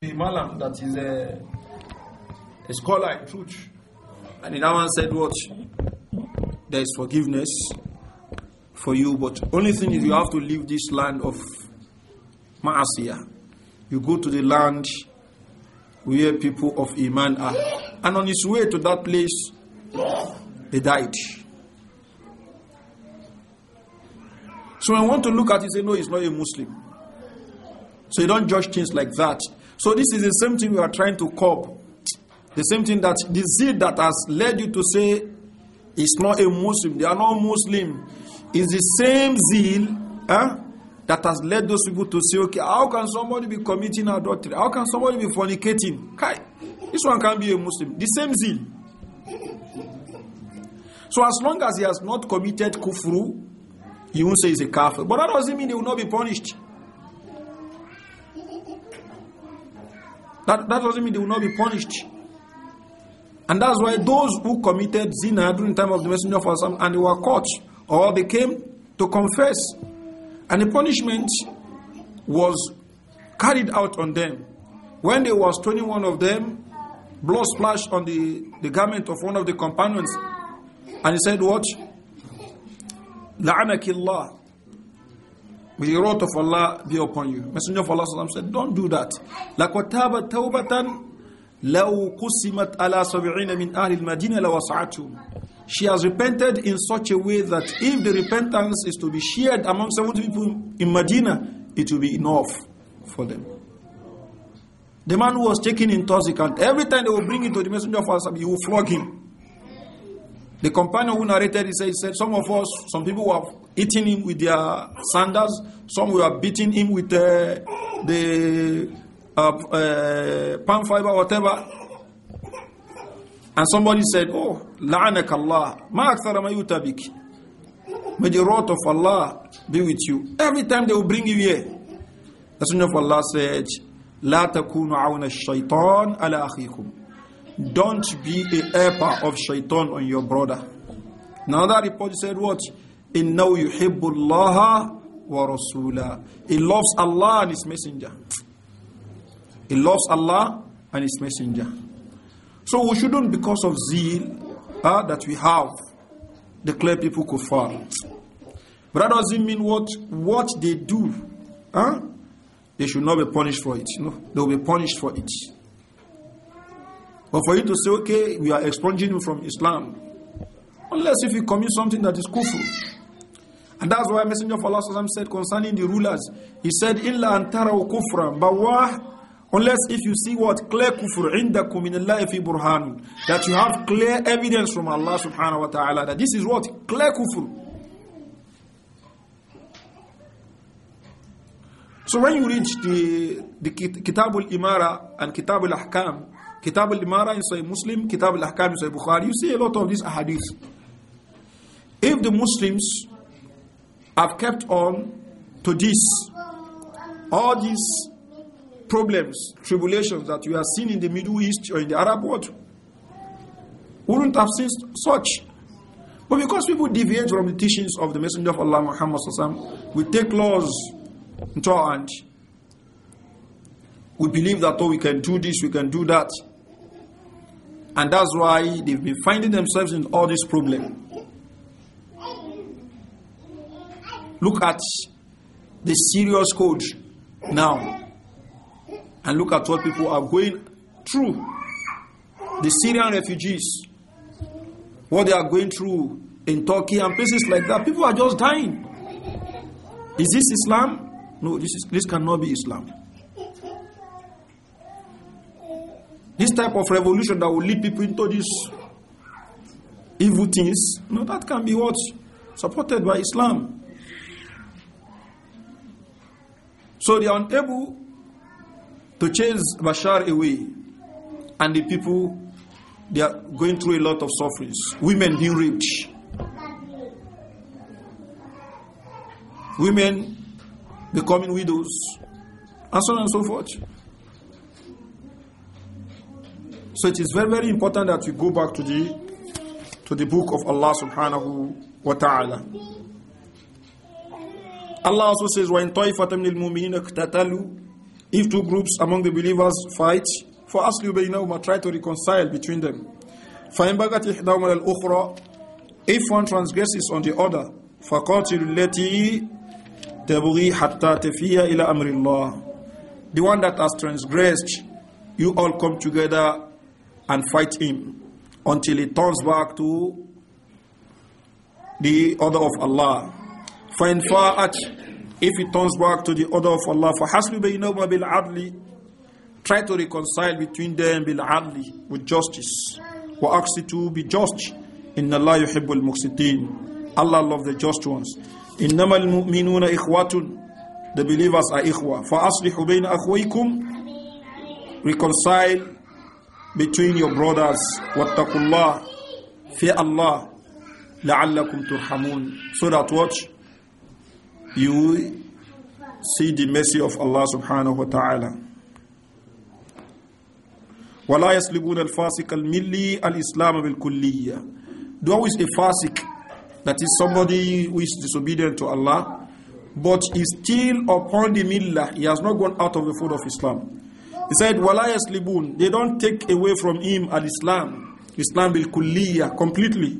the malam that is a, a, scholar in truth. And in that one said, What? There is forgiveness for you, but only thing is you have to leave this land of Ma'asiyah. You go to the land where people of Iman are. And on his way to that place, he died. So I want to look at it and say, No, he's not a Muslim. So you don't judge things like that. So this is the same thing we are trying to curb. The same thing that the zeal that has led you to say it's not a Muslim, they are not Muslim, is the same zeal eh, that has led those people to say, okay, how can somebody be committing adultery? How can somebody be fornicating? Kai, this one can be a Muslim. The same zeal. So as long as he has not committed kufru, you won't say he's a kafir. But that doesn't mean he will not be punished. That, that doesn't mean they will not be punished. And that's why those who committed zina during the time of the Messenger of Allah and they were caught or they came to confess, and the punishment was carried out on them. When there was twenty one of them, blood splashed on the, the garment of one of the companions, and he said, What? La'anakillah. May the wrath of Allah be upon you. Messenger of Allah said, Don't do that. لَكَوْتَابَ تَوْبَةً لَوْ قُسِمَتْ عَلَى سَبْعِينَ مِنْ أَهْلِ الْمَدِينَ لَوَسَعَتُهُمْ She has repented in such a way that if the repentance is to be shared among 70 people in Medina, it will be enough for them. The man who was taken intoxicant, every time they will bring him to the messenger of Allah, he will flog him. The companion who narrated, it said, said, some of us, some people who have hitting him with their sandals. Some were beating him with uh, the uh, uh, palm fiber, whatever. And somebody said, Oh, la'anak Allah. Ma mayutabik. May the wrath of Allah be with you. Every time they will bring you here. The Sunnah of Allah said, La takunu awna shaitan ala akhikum. Don't be a helper of shaitan on your brother. Now that report said what? إِنَّهُ يُحِبُّ اللَّهَ وَرَسُولَهُ He loves Allah and His Messenger. He loves Allah and His Messenger. So we shouldn't, because of zeal uh, that we have, declare people kuffar. But that doesn't mean what, what they do. Huh? They should not be punished for it. No, they will be punished for it. But for you to say, okay, we are expunging you from Islam, unless if you commit something that is kufr, and that's why Messenger of Allah said concerning the rulers, he said, Illa antaraw kufra bawah, unless if you see what clear kufr indakum in Allah fi burhan, that you have clear evidence from Allah subhanahu wa ta'ala, that this is what? Clear kufr. So when you reach the, the Kitab al-Imara and Kitab al-Ahkam, Kitab al-Imara in Sahih Muslim, Kitab al-Ahkam in Sahih Bukhari, you see a lot of these ahadith. If the Muslims have kept on to this. All these problems, tribulations that you have seen in the Middle East or in the Arab world wouldn't have seen such. But because people deviate from the teachings of the Messenger of Allah Muhammad, we take laws into our hands. We believe that oh, we can do this, we can do that. And that's why they've been finding themselves in all these problems. Look at the serious code now and look at what people are going through. The Syrian refugees, what they are going through in Turkey and places like that, people are just dying. Is this Islam? No, this, is, this cannot be Islam. This type of revolution that will lead people into these evil things, no, that can be what? Supported by Islam. So they are unable to chase Bashar away. And the people, they are going through a lot of sufferings. Women being raped. Women becoming widows. And so on and so forth. So it is very, very important that we go back to the to the book of Allah subhanahu wa ta'ala. Allah also says, وَإِن طَيْفَةً il الْمُؤْمِنِينَ اقْتَتَلُوا If two groups among the believers fight, فَأَصْلِوا بَيْنَهُمَا Try to reconcile between them. فَإِن إِحْدَاهُمَا الْأُخْرَى If one transgresses on the other, فَقَاتِلُوا الَّتِي تَبْغِي حَتَّى تَفِيَ إِلَى أَمْرِ اللَّهِ The one that has transgressed, you all come together and fight him until he turns back to the order of Allah. For in fa'at, if he turns back to the order of Allah, for hasbi bayinahuma bil adli, try to reconcile between them bil adli, with justice. Wa aksi to be just, inna Allah yuhibbul muqsitin. Allah loves the just ones. Innama al mu'minuna ikhwatun. The believers are For Fa aslihu bayin akhwaykum. Reconcile between your brothers. Wattakullah. Fear Allah. Allah La'allakum turhamun. So that watch you see the mercy of Allah subhanahu wa ta'ala. ولا يسلبون الفاسق الملي الإسلام بالكلية The one a fasik, that is somebody who is disobedient to Allah, but is still upon the millah, he has not gone out of the fold of Islam. He said, وَلَا يَسْلِبُونَ They don't take away from him al-Islam, Islam islam bil completely.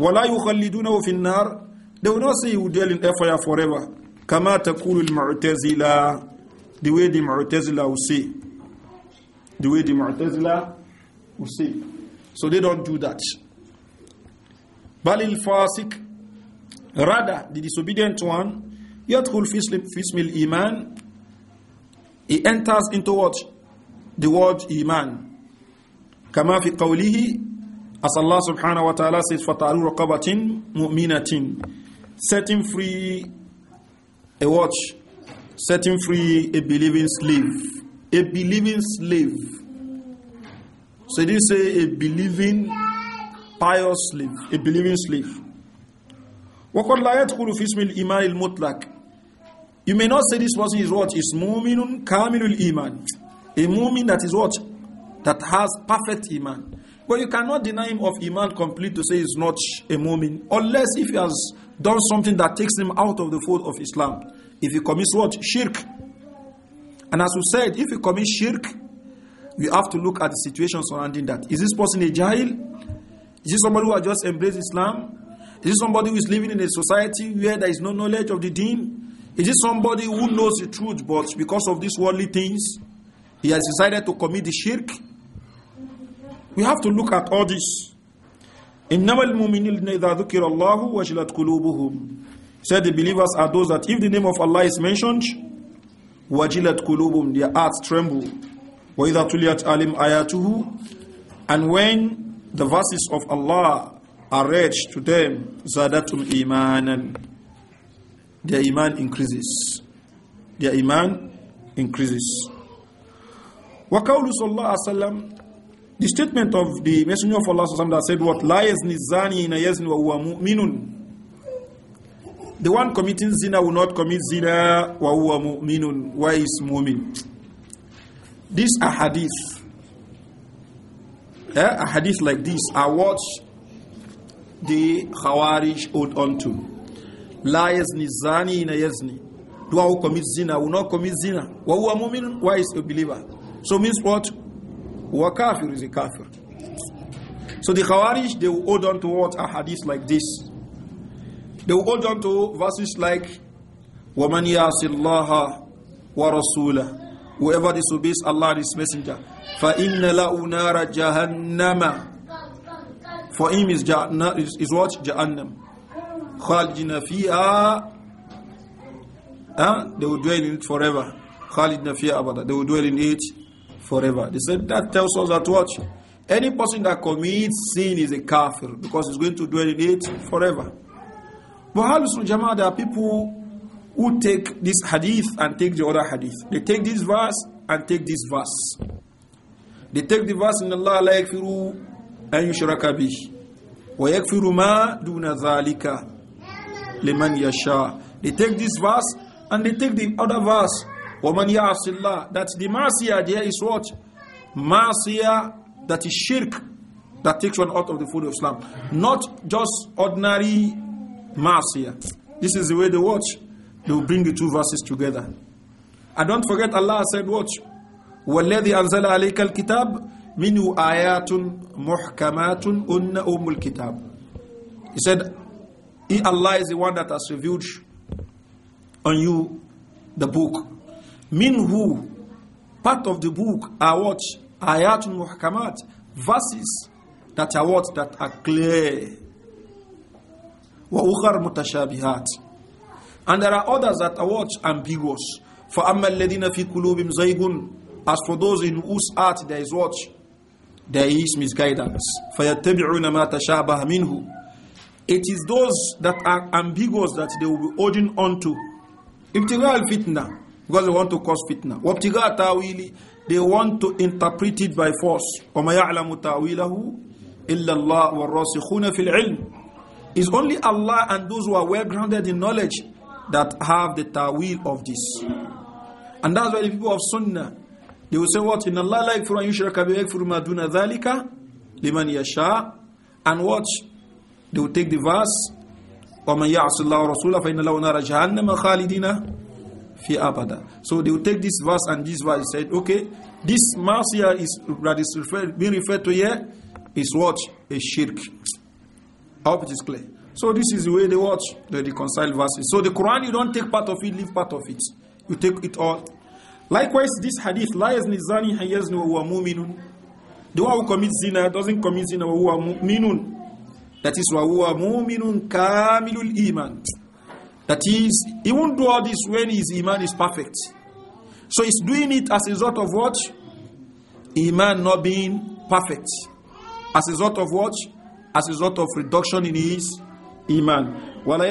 وَلَا يُخَلِّدُونَهُ فِي النَّارِ they will not say you will dwell in fire forever. Kama takulul mu'tazila. The way the mu'tazila will say. The way the mu'tazila will say. So they don't do that. Balil fasik. Rather, the disobedient one, yadkhul fismil iman. He enters into what? The word iman. Kama fi qawlihi. As Allah subhanahu wa ta'ala says, فَتَعْلُوا رَقَبَةٍ مُؤْمِنَةٍ setting free a watch, setting free a believing slave. A believing slave. So this say a believing pious slave, a believing slave. وَقَدْ لَا يَدْخُلُ فِي اسْمِ الْإِيمَانِ الْمُطْلَقِ You may not say this person is what? Is mu'minun kamilul iman. A mu'min that is what? That has perfect iman. But you cannot deny him of Iman complete to say he's not a mu'min. Unless if he has done something that takes him out of the fold of Islam. If he commits what? Shirk. And as we said, if he commits shirk, we have to look at the situation surrounding that. Is this person a jahil? Is this somebody who has just embraced Islam? Is this somebody who is living in a society where there is no knowledge of the deen? Is this somebody who knows the truth but because of these worldly things, he has decided to commit the shirk? We have to look at all this. Said the believers are those that if the name of Allah is mentioned, wajilat kulubum, their hearts tremble. وَإِذَا تُلِيَتْ alim ayatuhu And when the verses of Allah are read to them, zadatum imanan. Their iman increases. Their iman increases. وَقَوْلُ صَلَّى اللَّهُ the statement of the Messenger of Allah that said, What? lies nizani zani ina yazni wa huwa mu'minun. The one committing zina will not commit zina wa huwa mu'minun. Why is mu'min? These are hadith. Yeah, a hadith like this I watch the Khawarij hold on to. lies nizani zani ina yazni. Do I commit zina will not commit zina. Wa huwa minun. Why is a believer? So means what? are kafir is a kafir. So the Khawarij, they will hold on to what a hadith like this. They will hold on to verses like, وَمَنْ يَعْصِ اللَّهَ وَرَسُولَهُ Whoever disobeys Allah and His Messenger, فَإِنَّ لَهُ نَارَ جَهَنَّمَ For him is, jahannam, is, is what? Jahannam. خَالِدِنَ فِيهَا huh? They will dwell in it forever. خَالِدِنَ فِيهَا abada. They will dwell in it forever. They said that tells us that what? Any person that commits sin is a kafir because he's going to dwell in it forever. But Ahlul Jama'ah, there are people who take this hadith and take the other hadith. They take this verse and take this verse. They take the verse in Allah la yakfiru an yushraka bih wa yakfiru ma duna dhalika liman yasha. They take this verse and they take the other verse وَمَنْ يَعْصِ اللَّهِ That the masiyah there is what? Masiyah that is shirk that takes one out of the fold of Islam. Not just ordinary masiyah. This is the way they watch. They will bring the two verses together. And don't forget Allah said watch. وَالَّذِي أَنزَلَ عَلَيْكَ الْكِتَابِ مِنْهُ آيَاتٌ مُحْكَمَاتٌ أُنَّ أُمُّ الْكِتَابِ He said, Allah is the one that has revealed on you the book Minhu, part of the book are what? Ayatul muhakamat, verses that are what? That are clear. Wa ukhar mutashabihat. And there are others that are what? Ambiguous. For amma alladhina fi kulubim zaygun. As for those in whose heart there is what? There is misguidance. فَيَتَّبِعُونَ مَا تَشَابَهَ minhu, It is those that are ambiguous that they will be holding on to. Ibtigha al-fitna because they want to cause fitna. وَابْتِغَاءَ تَعْوِيلِ They want to interpret it by force. وَمَا يَعْلَمُ تَعْوِيلَهُ Allah wa وَالرَّاسِخُونَ فِي ilm. It's only Allah and those who are well grounded in knowledge that have the ta'wil of this. And that's why the people of Sunnah, they will say what? In Allah la yakfuru an yushraka bi yakfuru ma duna dhalika liman yasha. And what they will take the verse, وَمَنْ يَعْصِ اللَّهُ رَسُولَهُ فَإِنَّ لَهُ نَارَ جَهَنَّمَ خَالِدِينَ fi abada. So they will take this verse and this verse said, okay, this marcia is that is referred, being referred to here is what a shirk. I hope it is clear. So this is the way they watch the reconciled verses. So the Quran, you don't take part of it, leave part of it. You take it all. Likewise, this hadith, la yazni zani hayazni wa mu'minun. The one who commits zina doesn't commit zina wa mu'minun. That is wa huwa mu'minun kamilul iman. That is, he won't do all this when his iman is perfect. So he's doing it as a result of what? Iman not being perfect. As a result of what? As a result of reduction in his iman. and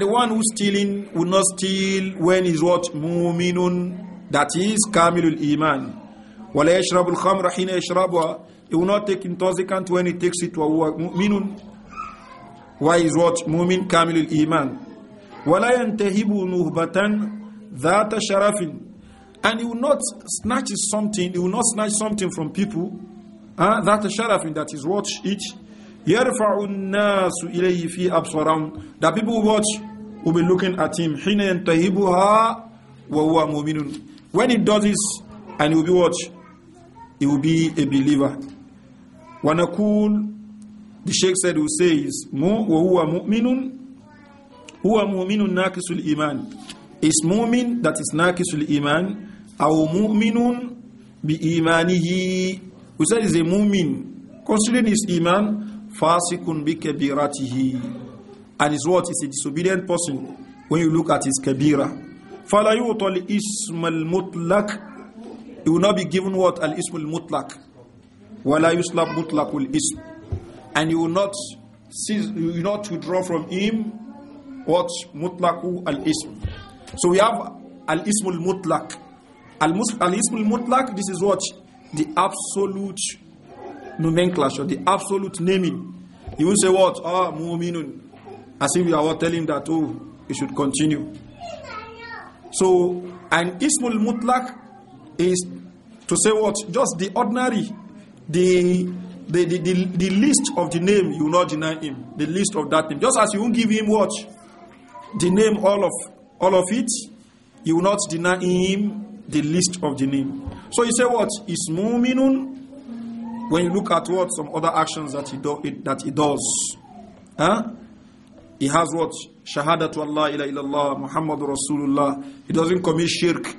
the one who's stealing will not steal when he's what? Mu'minun. That is Kamilul Iman. وَلَا يَشْرَبُ الْخَمْرَ حِينَ He will not take intoxicant when he takes it. وَهُوَ مُؤْمِنٌ why is what? Mumin Kamilul Iman. وَلَا يَنْتَهِبُ نُهْبَةً ذَاتَ sharafin, And he will not snatch something, he will not snatch something from people. Uh, that sharafin, that is what it. يَرْفَعُ su إِلَيْهِ fi أَبْصَرَهُمْ The people who watch will be looking at him. حِنَ wa وَهُوَ muminun. When he does this, and he will be watch, He will be a believer. وَنَقُولُ the Sheikh said, who says, Huwa mu'minun nakisul iman. Is mu'min that is nakisul iman. Aw mu'minun bi imanihi. Who said is a mu'min. Considering his iman, fasikun bi kabiratihi. And his word is a disobedient person. When you look at his kabira. Fala yu'tal ism al-mutlak. He will not be given what? Al-ism al-mutlak. Wala yuslab will ism and you will not cease, you will not withdraw from him what mutlaku al ism. So we have al ismul mutlak. Al ismul mutlak. This is what the absolute nomenclature, the absolute naming. You will say what? Ah, mu'minun. As if you are telling that oh, he should continue. So an ismul mutlak is to say what? Just the ordinary, the the, the, the, the, list of the name, you will not deny him. The list of that name. Just as you won't give him what? The name, all of all of it, you will not deny him the list of the name. So you say what? Is mu'minun when you look at what some other actions that he do it, that he does. Huh? He has what? shahada to Allah ila illallah Muhammad Rasulullah. He doesn't commit shirk.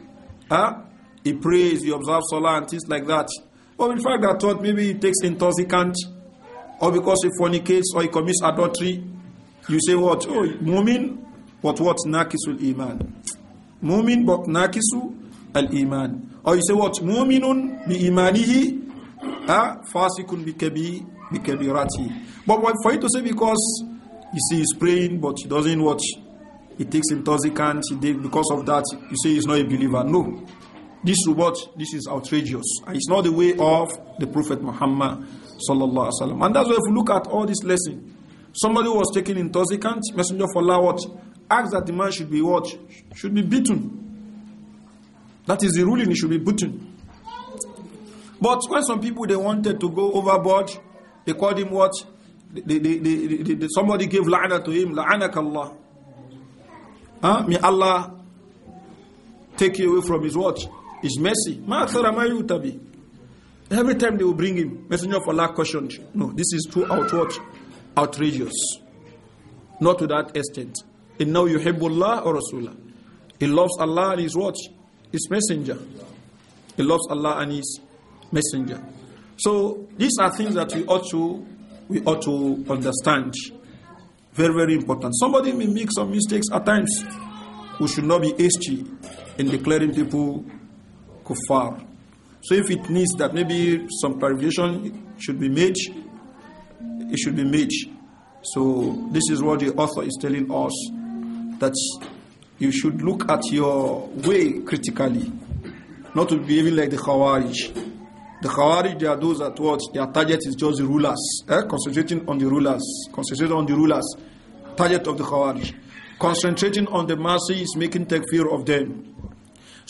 Huh? He prays, he observes salah and things like that. Or in fact, that thought maybe he takes intoxicant, or because he fornicates, or he commits adultery. You say what? Oh, mumin, but what? Nakisul iman. Mumin, but nakisu al iman. Or you say what? Muminun bi imanihi, ah, fasikun bi kabi bi kabirati. But what, for you to say because you see he's praying, but he doesn't watch. He takes intoxicant. He did because of that. You say he's not a believer. No. This is what this is outrageous, it's not the way of the Prophet Muhammad sallallahu alaihi wasallam. And that's why if you look at all this lesson, somebody was taken intoxicant. Messenger of Allah what asked that the man should be what should be beaten. That is the ruling; he should be beaten. But when some people they wanted to go overboard, they called him what? They, they, they, somebody gave la'na to him, la'anak Allah. Huh? May Allah take you away from his watch his mercy. Every time they will bring him, Messenger of Allah Questioned. No, this is too outward, outrageous. Not to that extent. And now you Allah or Rasulah. He loves Allah and his what? His messenger. He loves Allah and his messenger. So these are things that we ought to we ought to understand. Very, very important. Somebody may make some mistakes at times. We should not be hasty in declaring people far, So if it needs that maybe some clarification should be made, it should be made. So this is what the author is telling us that you should look at your way critically, not to even like the Khawarij. The Khawarij, they are those that what their target is just the rulers, eh? concentrating on the rulers, concentrating on the rulers. Target of the Khawarij, concentrating on the masses, making take fear of them.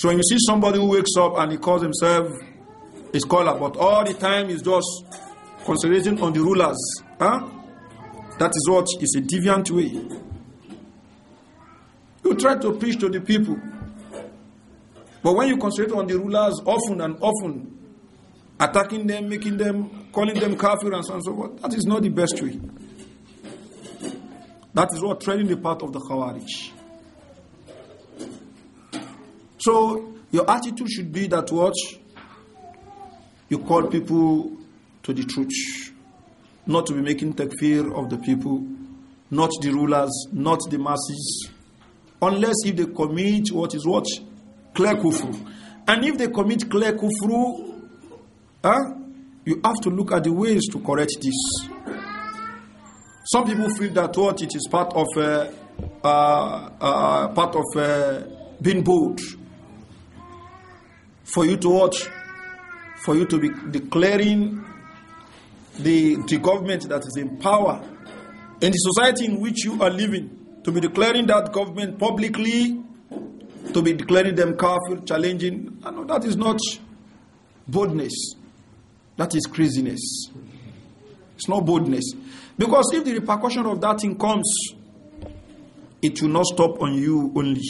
So when you see somebody who wakes up and he calls himself a scholar, but all the time he's just concentrating on the rulers, huh? that is what is a deviant way. You try to preach to the people, but when you concentrate on the rulers often and often, attacking them, making them, calling them kafir and so on and so forth, that is not the best way. That is what treading the path of the Khawarij. So your attitude should be that what you call people to the truth, not to be making takfir of the people, not the rulers, not the masses, unless if they commit what is what clear kufru, and if they commit clear kufru, huh, you have to look at the ways to correct this. Some people feel that what it is part of uh, uh, uh part of uh, being bold for you to watch, for you to be declaring the, the government that is in power in the society in which you are living, to be declaring that government publicly, to be declaring them careful, challenging. Ah, no, that is not boldness. That is craziness. It's not boldness. Because if the repercussion of that thing comes, it will not stop on you only.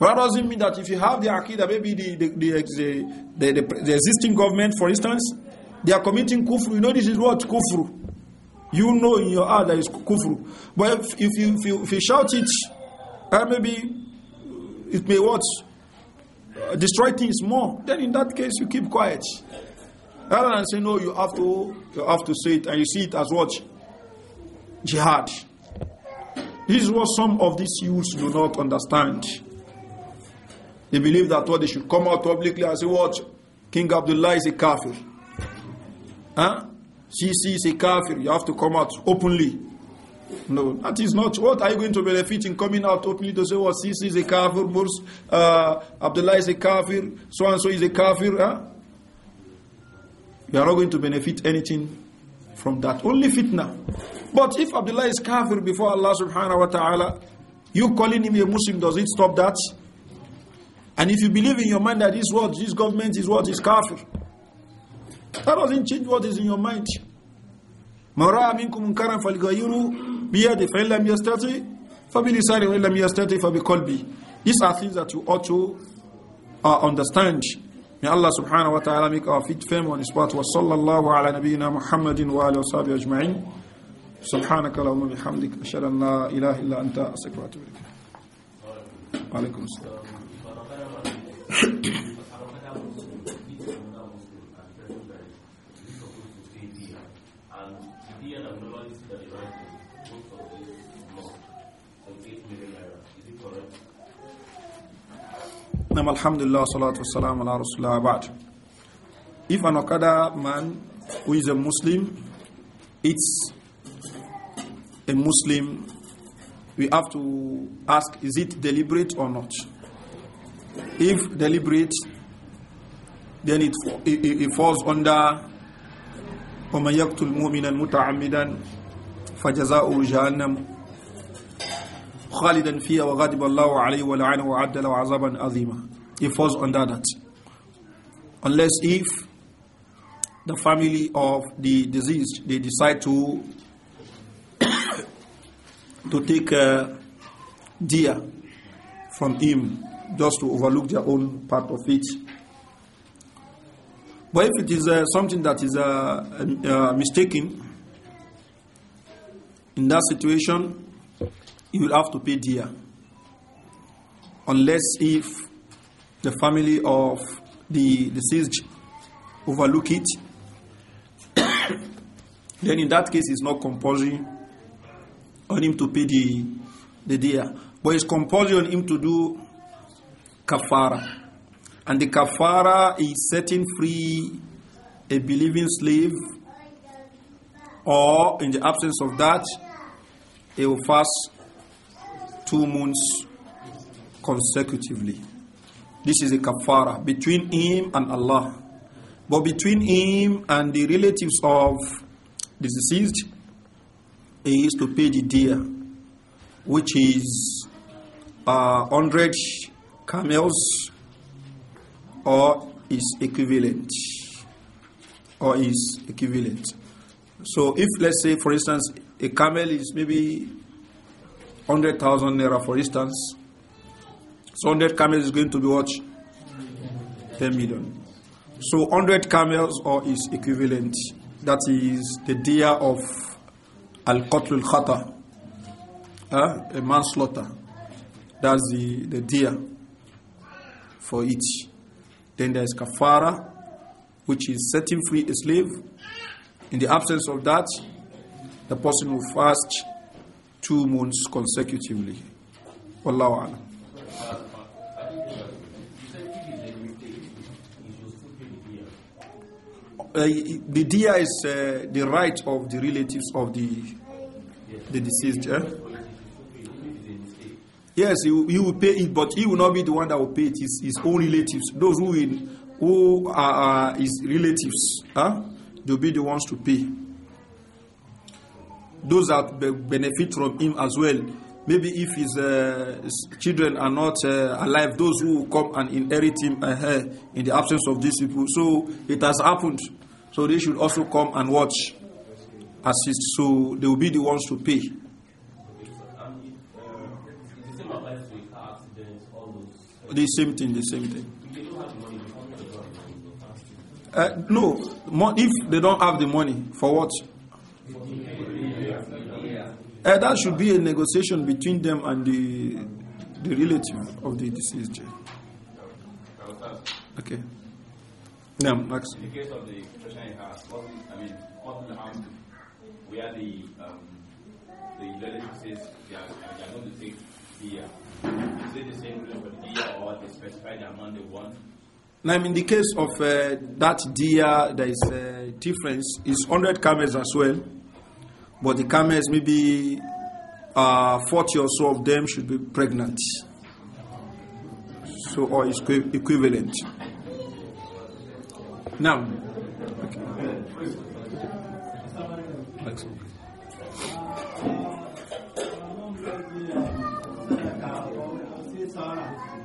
That doesn't mean that if you have the Aqidah, maybe the, the, the, the, existing government, for instance, they are committing kufr. You know, this is what kufr. You know in your heart that is kufr. But if, if, you, if, you, if you shout it, and eh, maybe it may what? Uh, destroy things more. Then in that case, you keep quiet. Rather than say, no, you have to, you have to say it, and you see it as what? Jihad. This is what some of these youths do not understand. They believe that what they should come out publicly and say, What? King Abdullah is a kafir. Huh? CC is a kafir. You have to come out openly. No, that is not. What are you going to benefit in coming out openly to say, What? CC is a kafir, Murs, uh, Abdullah is a kafir, so and so is a kafir. Huh? You are not going to benefit anything from that. Only fitna. But if Abdullah is kafir before Allah subhanahu wa ta'ala, you calling him a Muslim, does it stop that? And if you believe in your mind that this world, this government is what is kafir, that doesn't change what is in your mind. من منكم منكرا فليغيره بيده فإن لم يستطع فبلسانه وإن لم يستطع These are things that you ought to uh, understand. May Allah subhanahu wa ta'ala make our feet firm on his path. وصلى الله على نبينا محمد وآله وصحبه أجمعين سبحانك اللهم وبحمدك أشهد أن لا إله إلا أنت أستغفرك وأتوب إليك. وعليكم السلام. Nam alhamdulillah ala rasulullah If an Okada man who is a Muslim eats a Muslim, we have to ask is it deliberate or not? If deliberate, then it, it, it falls under وَمَنْ يَقْتُلْ مُؤْمِنًا مُتَعَمِّدًا فَجَزَاؤُهُ جَهَنَّمُ خَالِدًا فِيهَا وَغَضِبَ اللَّهُ عَلَيْهِ وَلَعَنَهُ وَعَدَّ وَعَذَابًا عَذَابًا عَظِيمًا It falls under that. Unless if the family of the deceased they decide to to take a deer from him just to overlook their own part of it. But if it is uh, something that is uh, uh mistaken, in that situation, you will have to pay dear. Unless if the family of the deceased overlook it, then in that case, it's not compulsory on him to pay the, the dear. But it's compulsory on him to do kafara. And the kafara is setting free a believing slave, or in the absence of that, he will fast two months consecutively. This is a kafara between him and Allah. But between him and the relatives of the deceased, he is to pay the dear, which is uh, 100 camels or is equivalent or is equivalent so if let's say for instance a camel is maybe 100,000 naira for instance so 100 camels is going to be what 10 million so 100 camels or is equivalent that is the dia of al-qatl al-khata a manslaughter that's the the dia for it. Then there is kafara, which is setting free a slave. In the absence of that, the person will fast two months consecutively. Wallahu a'lam. Uh, the dia is uh, the right of the relatives of the the deceased. Eh? Yes, he will, he will, pay it, but he will not be the one that will pay it. His, his own relatives, those who will, who are his relatives, huh? they'll be the ones to pay. Those that be benefit from him as well. Maybe if his, uh, his children are not uh, alive, those who come and inherit him uh, uh, in the absence of these people. So it has happened. So they should also come and watch, assist. So they will be the ones to pay. The same thing, the same thing. Uh, no, if they don't have the money, for what? Uh, that should be a negotiation between them and the, the relative of the deceased. Okay. Now, Max. In the case of the question you asked, what, I mean, what will happen where the, um, the relative says they are, they are going to take the. Uh, is it the same rule or they specify the amount they want? Now, in the case of uh, that deer, there is a difference. It's 100 camels as well, but the camels, maybe uh, 40 or so of them, should be pregnant. So, or equivalent. Now, okay.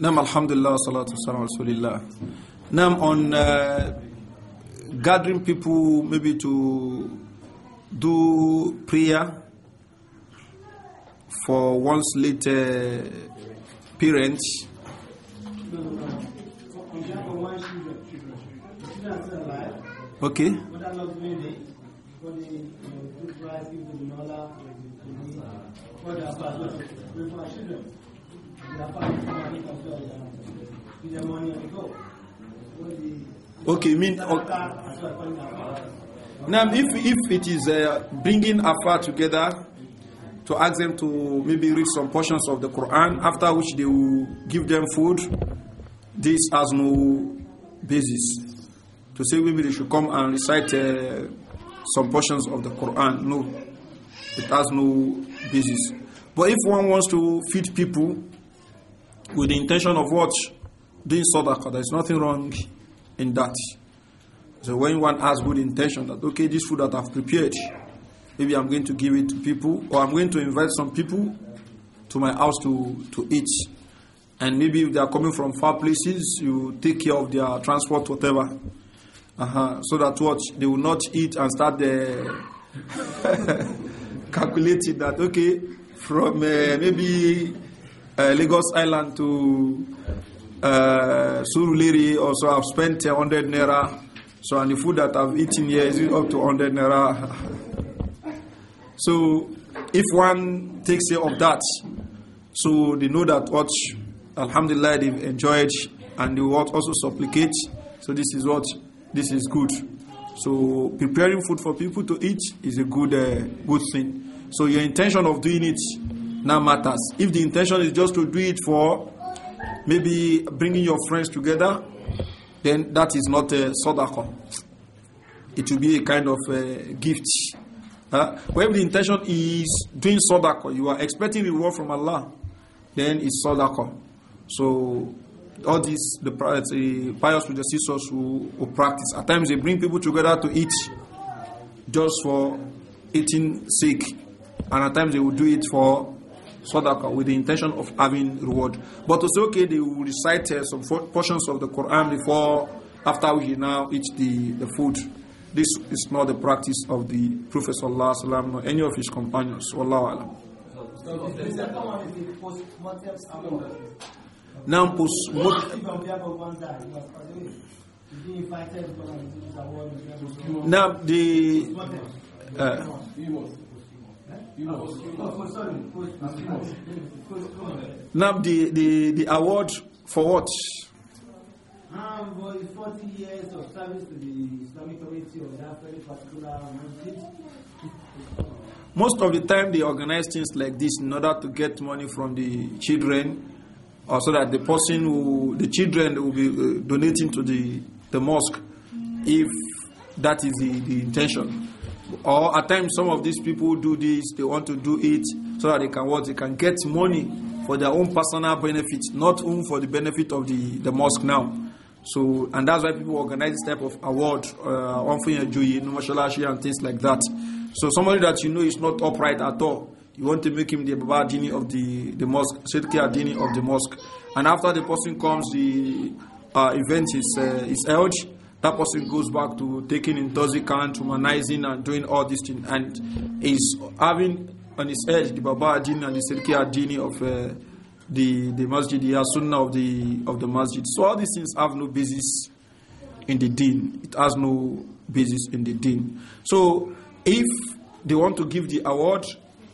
Nam alhamdulillah, salatu salam rasulillah. Nam on uh, gathering people maybe to do prayer for one's late uh, parents. Okay. Okay, mean okay. now if if it is uh, bringing afar together to ask them to maybe read some portions of the Quran, after which they will give them food, this has no basis. To say maybe they should come and recite uh, some portions of the Quran, no, it has no basis. But if one wants to feed people with the intention of what? Doing sadaqah. There's nothing wrong in that. So when one has good intention that, okay, this food that I've prepared, maybe I'm going to give it to people or I'm going to invite some people to my house to, to eat. And maybe if they are coming from far places, you take care of their transport, whatever. Uh-huh. So that what they will not eat and start the calculating that okay from uh, maybe uh, Lagos Island to uh, Suruliri also I've spent 100 naira. So, and the food that I've eaten here is up to 100 naira. so, if one takes care of that, so they know that what, Alhamdulillah, they've enjoyed and they will also supplicate. So, this is what, this is good. So, preparing food for people to eat is a good, uh, good thing. So, your intention of doing it now matters. If the intention is just to do it for maybe bringing your friends together, then that is not a sadaqah. It will be a kind of a uh, gift. Uh, the intention is doing sadaqah, you are expecting reward from Allah, then it's sadaqah. So all these the pious predecessors who, who practice. At times they bring people together to eat just for eating sake, and at times they will do it for sadaqah with the intention of having reward. But say, okay, they will recite uh, some portions of the Quran before, after we now eat the, the food. This is not the practice of the Prophet Sallallahu nor any of his companions. Wallahu alam. Now, now the uh, now the, the, the award for what? Um, for 40 years of service to the Islamic community that very particular Most of the time they organize things like this in order to get money from the children or so that the person who, the children will be uh, donating to the, the mosque if that is the, the intention. Or at times, some of these people do this, they want to do it so that they can what? They can get money for their own personal benefit, not only for the benefit of the, the mosque now. So, and that's why people organize this type of award, uh, Onfunya Juyi, Numashalashi, and things like that. So, somebody that you know is not upright at all, you want to make him the Baba Dini of the, the mosque, Shirki Adini of the mosque. And after the person comes, the uh, event is, uh, is held, that person goes back to taking intoxicant, humanizing, and doing all these things, and is having on his head the Baba Adini and the Sirki Adini of uh, the the Masjid, the Sunnah of the of the Masjid. So all these things have no basis in the Deen. It has no basis in the Deen. So if they want to give the award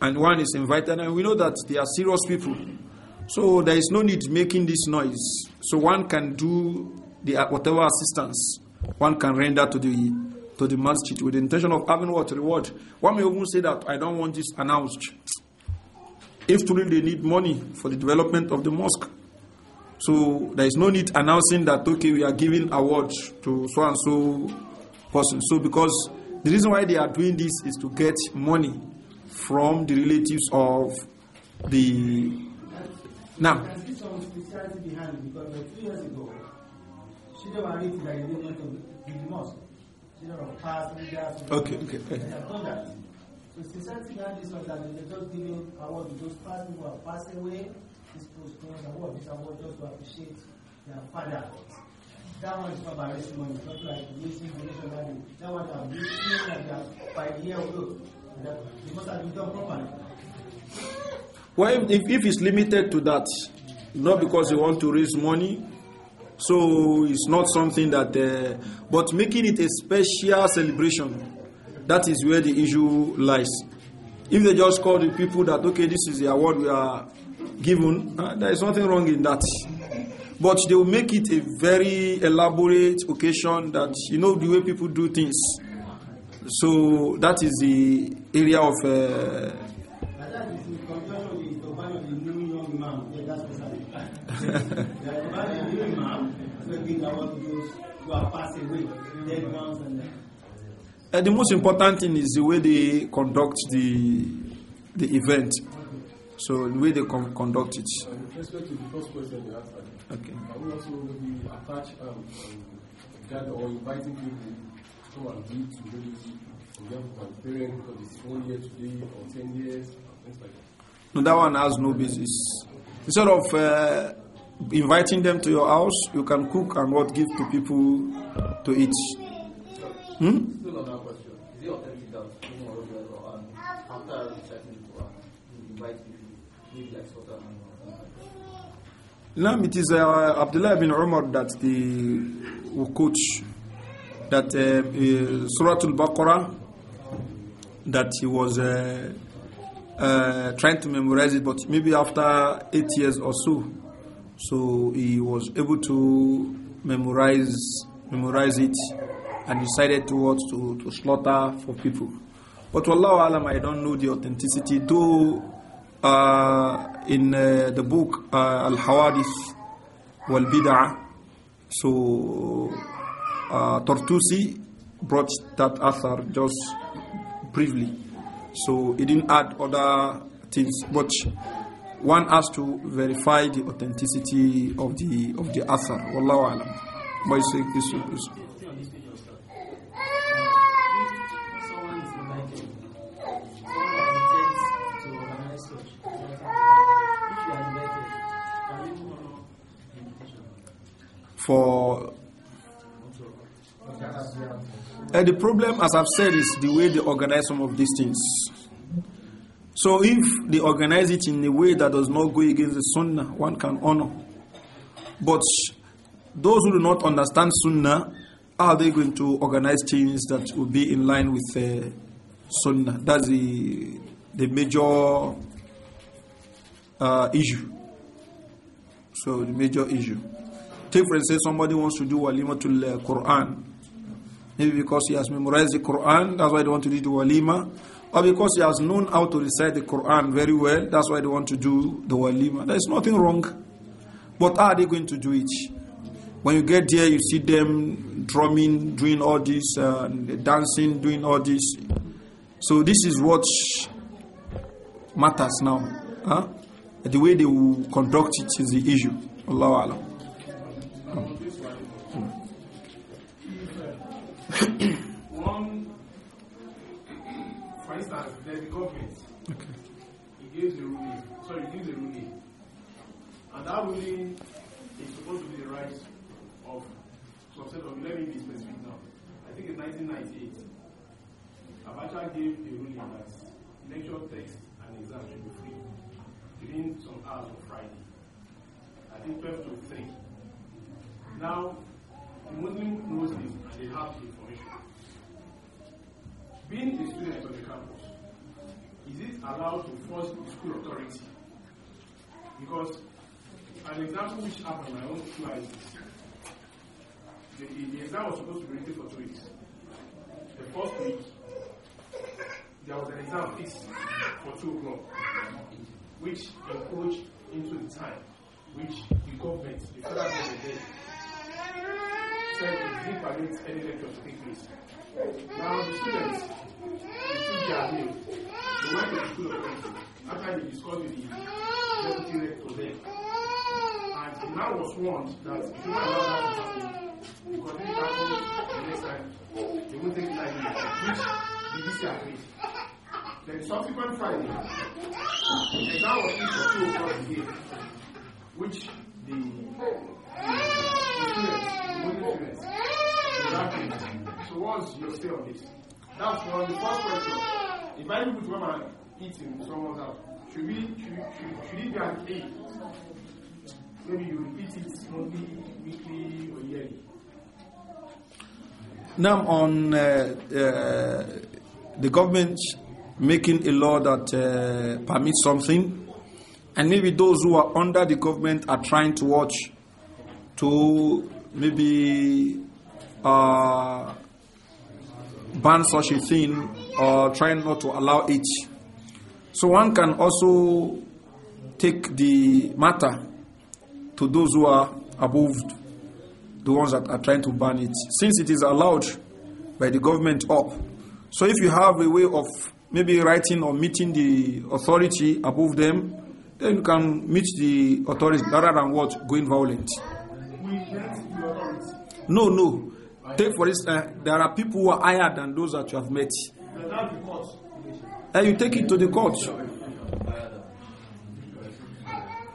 and one is invited, and we know that they are serious people, so there is no need making this noise. So one can do the whatever assistance one can render to the to the masjid with the intention of having what reward. One may even say that I don't want this announced. If truly they need money for the development of the mosque, so there is no need announcing that okay we are giving awards to so and so person. So because the reason why they are doing this is to get money from the relatives of the now. Okay, okay. So society now this was that they're just giving award to those past who have passed away, this postpones award, this award just to appreciate their father. That one is not by raising money, it's not like raising donation money. That one I'm raising like that by the year ago. It must have been done properly. Well, if, if it's limited to that, not because you want to raise money, So it's not something that, uh, but making it a special celebration, that is where the issue lies. If they just call the people that, okay, this is the award we are given, uh, there is nothing wrong in that. But they will make it a very elaborate occasion that, you know, the way people do things. So that is the area of. Uh, and the most important thing is the way they conduct the the event. So the way they con conduct it. Okay. Are we also maybe attach um, gather or inviting people to and read to really, for example, my parents because it's one year today or ten years, things like that? No, that one has no basis. Instead of uh, inviting them to your house, you can cook and what give to people to eat. Hmm? No, it is uh, Abdullah bin Umar that the who coach that uh, uh, Surah baqarah that he was uh, uh, trying to memorize it, but maybe after eight years or so so he was able to memorize memorize it and decided towards to, to slaughter for people. But Wallahu Alam, I don't know the authenticity. Though uh, in uh, the book uh, Al Hawadith Wal Bid'ah, so uh, Tortusi brought that author just briefly. So he didn't add other things. But one has to verify the authenticity of the of the author. Wallahu alam. But it's, this for the problem as i've said is the way they organize some of these things so if they organize it in a way that does not go against the sunnah, one can honor. But those who do not understand sunnah, are they going to organize things that will be in line with the uh, sunnah? That's the, the major uh, issue. So the major issue. Take for instance, somebody wants to do walima to uh, the Quran. Maybe because he has memorized the Quran, that's why they want to do the walima or because he has known how to recite the Quran very well, that's why they want to do the walima. There's nothing wrong. But are they going to do it? When you get there, you see them drumming, doing all this, uh, dancing, doing all this. So this is what matters now. Huh? The way they will conduct it is the issue. Allah Allah. Hmm. there's government. Okay. He gives a ruling. Sorry, he gives a ruling. And that ruling is supposed to be the right of subset of, let me be specific now. I think it's 1998. Abacha gave a ruling that lecture text and exam should be free within some hours of Friday. I think 12 to 3. Now, the Muslim knows this and they have the information. Being a student on the campus, is it allowed to force the school authority? Because an example which happened in my own school is this. The, the, exam was supposed to be written for two weeks. The first week, there was an exam fixed for two o'clock, which encroached into the time which the government, the federal government, said it didn't permit any lecture to take place. Now, the students, they their name. They went to the school of medicine after they discovered the deputy rector there. And the man was warned that if would not allow that to happen because if it happens the next time, they won't take it lightly, which the VC agreed. Then, subsequent Friday, the exam was in for 2 o'clock again, which the once you stay on this. That's one the first question. If I put to come eating eat in someone's house, should we should, should, should it be an Maybe you repeat it monthly, weekly, or yearly. Now on uh, uh, the government making a law that uh, permits something, and maybe those who are under the government are trying to watch to maybe uh, ban such a thing or try not to allow it. So one can also take the matter to those who are above the ones that are trying to ban it, since it is allowed by the government up. So if you have a way of maybe writing or meeting the authority above them, then you can meet the authorities rather than what going violent. No, no. Take for instance, uh, there are people who are higher than those that you have met. And you take it to the court.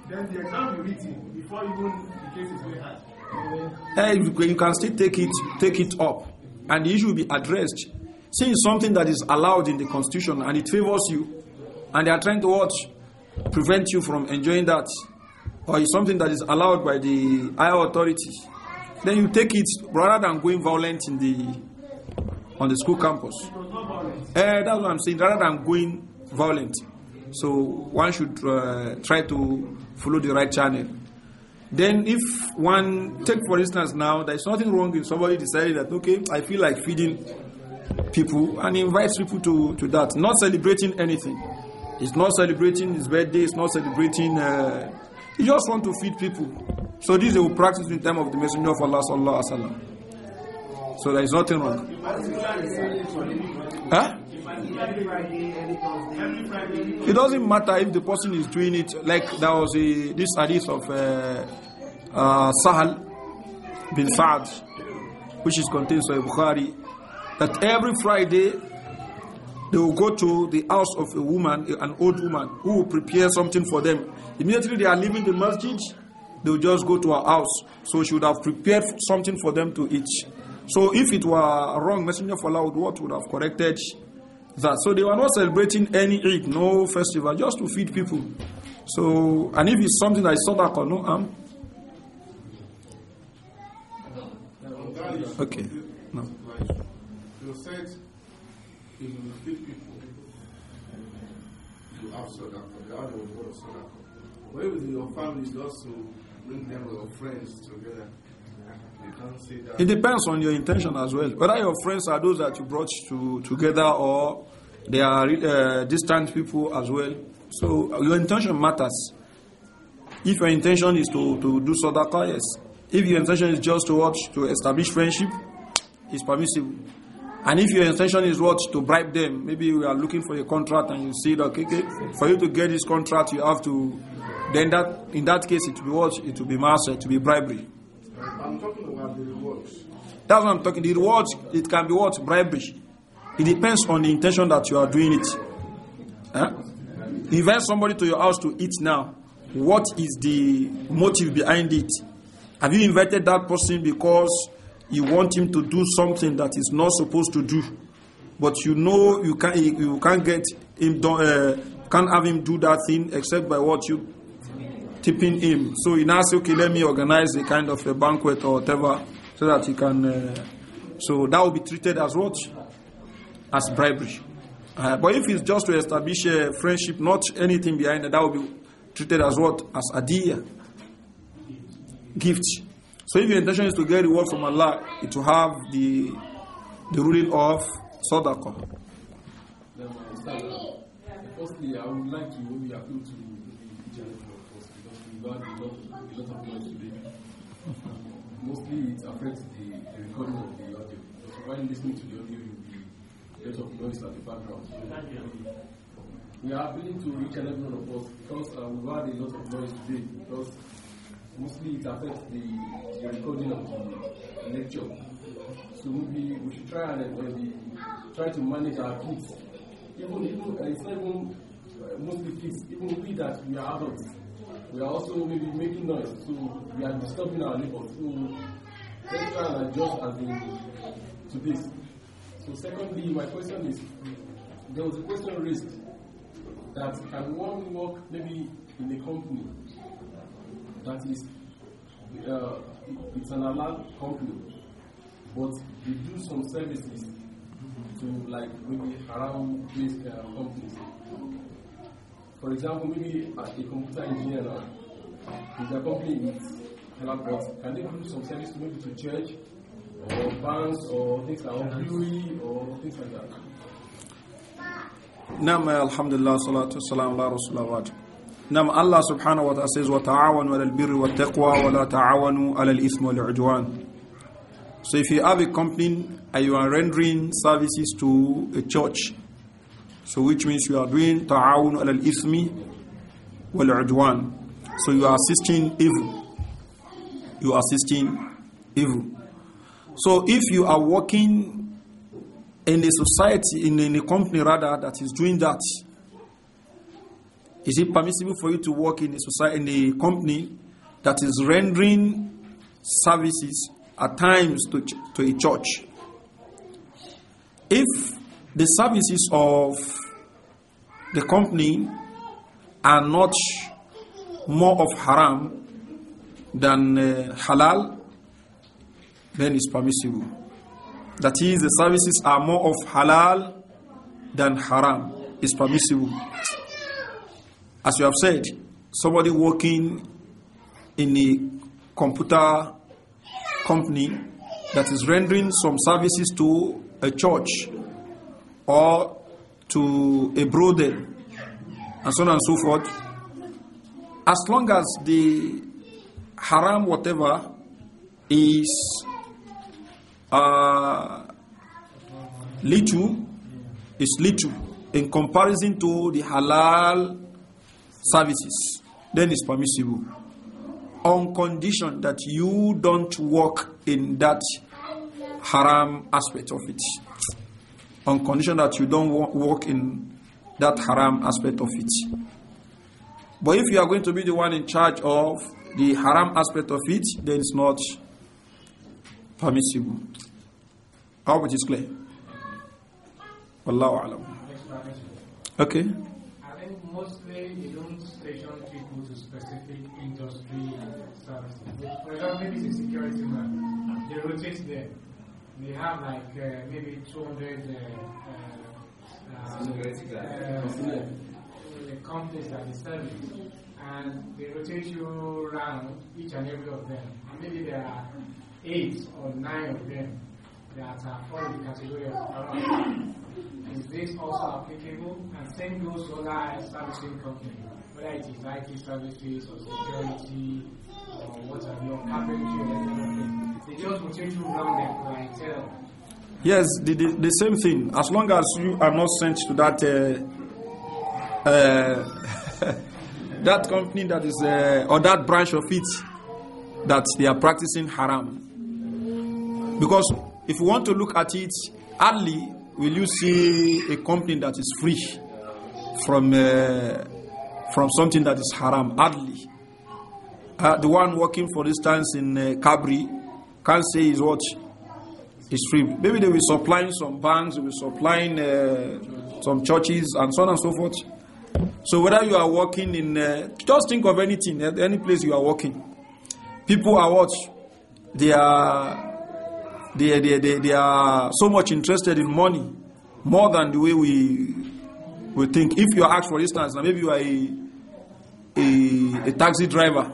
Then the exam will written before even the case is going And you can still take it, take it up, and the issue will be addressed. Seeing something that is allowed in the constitution and it favors you, and they are trying to watch, prevent you from enjoying that, or is something that is allowed by the higher authorities then you take it rather than going violent in the on the school campus. Uh, that's what I'm saying. Rather than going violent, so one should uh, try to follow the right channel. Then, if one take for instance now, there's nothing wrong if somebody decided that okay, I feel like feeding people and invites people to, to that, not celebrating anything. It's not celebrating his birthday. It's not celebrating. Uh, he just want to feed people. So this they will practice in time of the Messenger of Allah sallallahu alaihi wasallam. So there is nothing wrong. Huh? It doesn't matter if the person is doing it like there was a, this hadith of uh, uh, Sahal bin sa which is contained in Bukhari, that every Friday they will go to the house of a woman, an old woman, who will prepare something for them. Immediately they are leaving the masjid, they would just go to her house. So she would have prepared something for them to eat. So if it were wrong, Messenger of Allah would, what, would have corrected that. So they were not celebrating any Eid, no festival, just to feed people. So, and if it's something that is sadaqah, no harm. okay. No. You said if you feed people, you have sadaqah. The other one is Where with your family is also friends together. It depends on your intention as well. Whether your friends are those that you brought to, together or they are uh, distant people as well. So your intention matters. If your intention is to, to do sadaqah, yes. If your intention is just to watch, to establish friendship, it's permissible. And if your intention is what? To bribe them. Maybe we are looking for a contract and you see that, okay, okay, for you to get this contract, you have to then that in that case it will be what? It will be master, it will be bribery. I'm talking about the rewards. That's what I'm talking. The rewards, it can be what? Bribery. It depends on the intention that you are doing it. Huh? Invite somebody to your house to eat now. What is the motive behind it? Have you invited that person because you want him to do something that is not supposed to do, but you know you can't you can't get him done, uh, can't have him do that thing except by what you tipping him. So he now said, okay, let me organize a kind of a banquet or whatever so that he can. Uh, so that will be treated as what? As bribery. Uh, but if it's just to establish a friendship, not anything behind it, that will be treated as what? As a dear Gift. So if your intention is to get reward from Allah, it will have the the ruling of sadaqah. Uh, firstly, I would like to appeal to the got a lot, a lot of noise today. Mostly it affects the, the, recording of the audio. So while listening to the audio, you'll be a lot of noise at the background. So we are appealing to each and every one of us because uh, we've had a lot of noise today because mostly it affects the, the recording of the lecture. So we, we should try and uh, try to manage our kids. Even, even uh, it's not even uh, mostly kids, even we that we are adults we are also maybe making noise, so we are disturbing our neighbors. So let's try and adjust as to this. So secondly, my question is, there was a question raised that can one work maybe in a company that is uh, it's an allowed company, but they do some services to like maybe around these uh, companies. For example, maybe a computer engineer now, if their company is can they do some service maybe to church or banks or things like or or things like that? نعم الحمد لله صلاة والسلام على رسول الله نعم الله سبحانه وتعالى says وتعاونوا على البر والتقوى ولا تعاونوا على الإثم والعدوان So if you have a company and you are rendering services to a church so which means you are doing ta'awun al ismi wal udwan. So you are assisting evil. You are assisting evil. So if you are working in a society, in, in a company rather, that is doing that, is it permissible for you to work in a society, in a company that is rendering services at times to, to a church? If the services of the company are not more of haram than uh, halal, then it's permissible. That is, the services are more of halal than haram. is permissible. As you have said, somebody working in a computer company that is rendering some services to a church or to a brothel, and so on and so forth, as long as the haram, whatever, is uh, little, is little in comparison to the halal services, then it's permissible. On condition that you don't work in that haram aspect of it on condition that you don't walk in that haram aspect of it. But if you are going to be the one in charge of the haram aspect of it, then it's not permissible. I hope it is clear. Wallahu alam. Okay. I think mostly they don't station people to specific industry and services. For example, maybe it's security man. They rotate them we have like uh, maybe 200 uh, uh, uh, companies that are serving, and they rotate you around each and every of them. And maybe there are eight or nine of them that are falling the category of Is this also applicable? And same goes for other establishing companies, whether it is IT services or security or what have you, carpentry or anything. Yes, the, the, the, same thing. As long as you are not sent to that uh, uh, that company that is uh, or that branch of it that they are practicing haram. Because if you want to look at it, hardly will you see a company that is free from uh, from something that is haram. Hardly. Uh, the one working, for instance, in uh, Cabri can't say is what is free. Maybe they will supply some banks, they will supply uh, some churches, and so on and so forth. So whether you are working in, uh, just think of anything, at uh, any place you are working. People are what they are, they, they, they, they are so much interested in money, more than the way we we think. If you are asked, for instance, now maybe you are a, a, a taxi driver,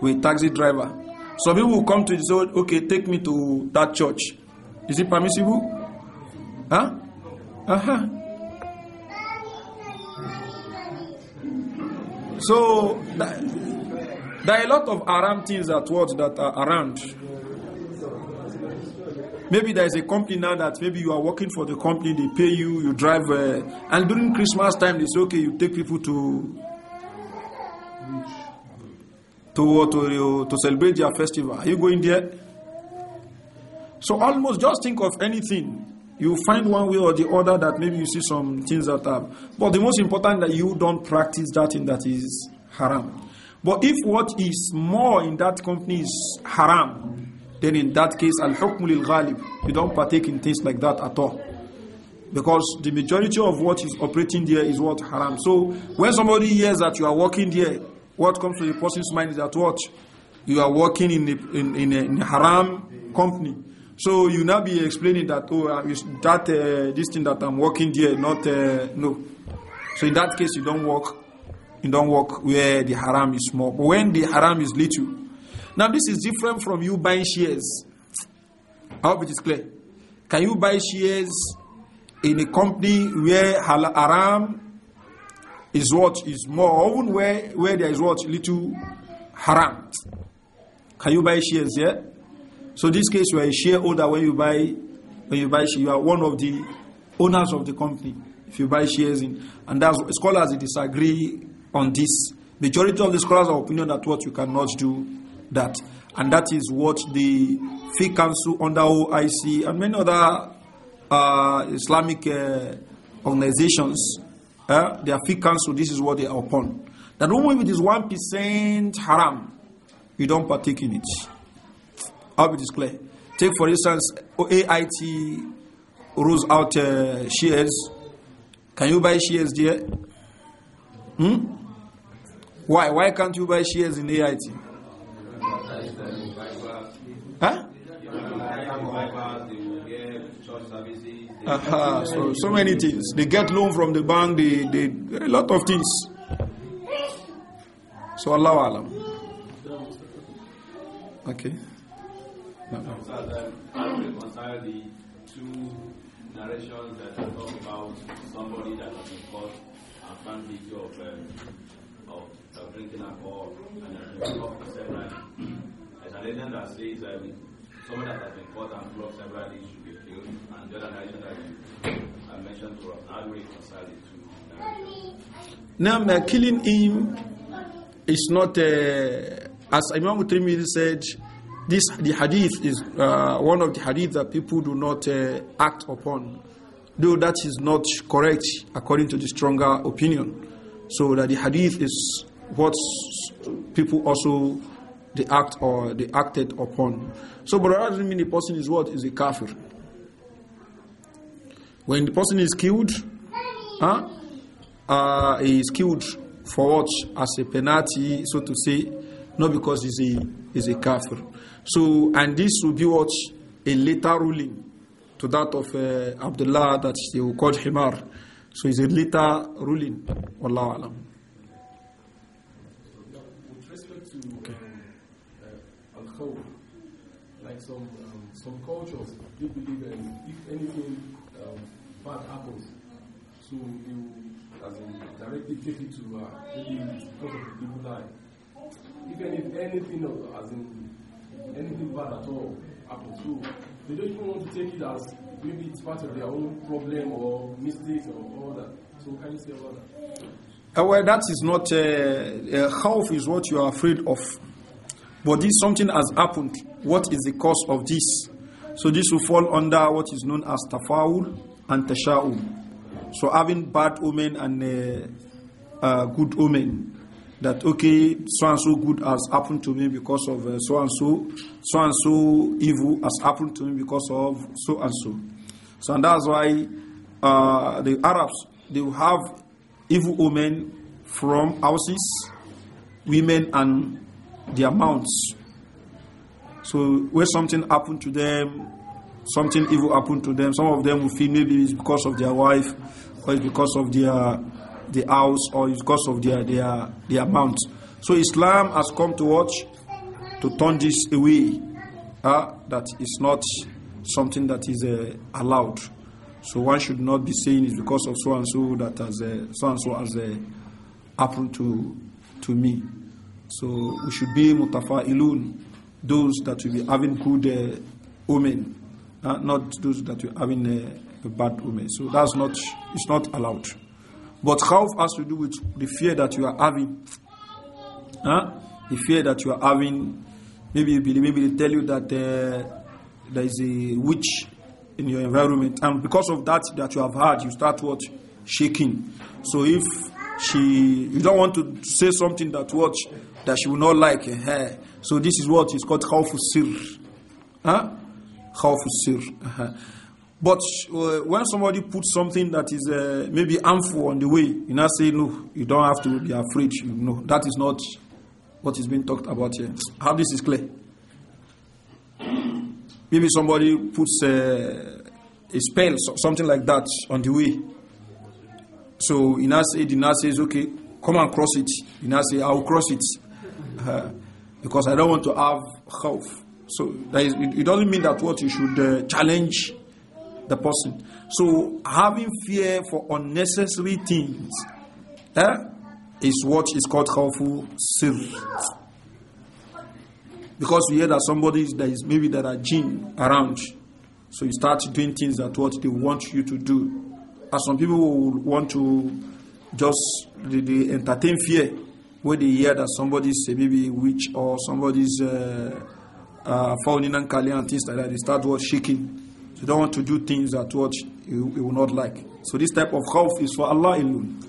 with taxi driver some people will come to you and say, okay, take me to that church. Is it permissible? Huh? Uh-huh. So there are a lot of around things at words that are around. Maybe there is a company now that maybe you are working for the company, they pay you, you drive, uh, and during Christmas time they say, okay, you take people to to, to, to celebrate their festival. Are you going there? So almost just think of anything. You find one way or the other that maybe you see some things that are. But the most important that you don't practice that thing that is haram. But if what is more in that company is haram, then in that case, al-hukm lil-ghalib. You don't partake in things like that at all. Because the majority of what is operating there is what haram. So when somebody hears that you are working there, what comes to the person's mind is that what you are working in a, in, in, a, in a haram company. So you now be explaining that oh uh, that uh, this thing that I'm working there not uh, no. So in that case you don't work, you don't work where the haram is small. But when the haram is little, now this is different from you buying shares. I hope it is clear. Can you buy shares in a company where haram is what is more even where where there is what little haram. Can you buy shares here? So this case you are a shareholder when you buy when you buy you are one of the owners of the company if you buy shares in and that's scholars disagree on this. Majority of the scholars are opinion that what you cannot do that. And that is what the Fee Council under OIC and many other uh, Islamic uh, organizations uh, eh? their fee council, this is what they are upon. That room if it is 1% haram, you don't partake in it. I will it is clear. Take, for instance, AIT rules out uh, shares. Can you buy shares there? Hmm? Why? Why can't you buy shares in AIT? Huh? uh So, so many things. They get loan from the bank, they, they a lot of things. So Allah Alam. Okay. Um, I the two narrations that about somebody that has been caught um, and There's a legend that says um, someone that has been caught and flogged severally should be killed. Now, killing him is not, uh, as Imam Tirmidhi said, this the hadith is uh, one of the hadith that people do not uh, act upon, though that is not correct according to the stronger opinion. So that the hadith is what people also they act or they acted upon. So, but that doesn't mean the person is what is a kafir. When the person is killed, huh, uh, he is killed for what? As a penalty, so to say, not because he's a, he's a kafir. So, and this will be what? A later ruling to that of uh, Abdullah that you will call Himar. So it's a later ruling. Wallahu alam. Uh, uh, some um, some cultures, they believe that if anything bad happens, so you, as in, directly take it to uh, maybe because of the people die. Even if anything, of, as in, anything bad at all happens, so they don't even want to take it as maybe it's part of their own problem or mistakes or all that. So can you say about that? Uh, well, that is not uh, uh, health is what you are afraid of, but this something has happened. What is the cause of this? So this will fall under what is known as tafawul, and tasha'um. So having bad women and uh, uh, good women. That okay, so and so good has happened to me because of uh, so and so, so and so evil has happened to me because of so and so. So and that's why uh, the Arabs they have evil women from houses, women and their mounts. So when something happened to them, something evil happened to them. Some of them will feel maybe it's because of their wife, or it's because of their the house, or it's because of their their their amount. So Islam has come to watch to turn this away. Uh, that is not something that is uh, allowed. So one should not be saying it's because of so and so that has so and so has uh, happened to to me. So we should be ilun those that will be having good uh, omen. Uh, not those that you are having a, a bad omen. So that's not, it's not allowed. But how has to do with the fear that you are having. Huh? The fear that you are having. Maybe you believe, maybe they tell you that uh, there is a witch in your environment. And because of that that you have heard, you start what? Shaking. So if she, you don't want to say something that what, that she will not like. Her. Eh, eh. So this is what is called khawf Huh? khawf sir. Uh-huh. But uh, when somebody puts something that is uh, maybe harmful on the way, you not say, no, you don't have to be afraid. You know, that is not what is being talked about here. How this is clear? Maybe somebody puts uh, a spell, something like that, on the way. So you now say, the now says, okay, come and cross it. You not say, I will cross it. Uh-huh. because I don't want to have health. So it doesn't mean that what you should uh, challenge the person. So having fear for unnecessary things eh, is what is called harmful self. Because you hear that somebody is, there is maybe there are jinn around, so you start doing things that what they want you to do. As some people want to just they, they entertain fear when they hear that somebody's maybe witch or somebody's. Uh, uh, Found in and Kali and things like that, they start what shaking. So they don't want to do things that what you, you will not like. So this type of health is for Allah alone.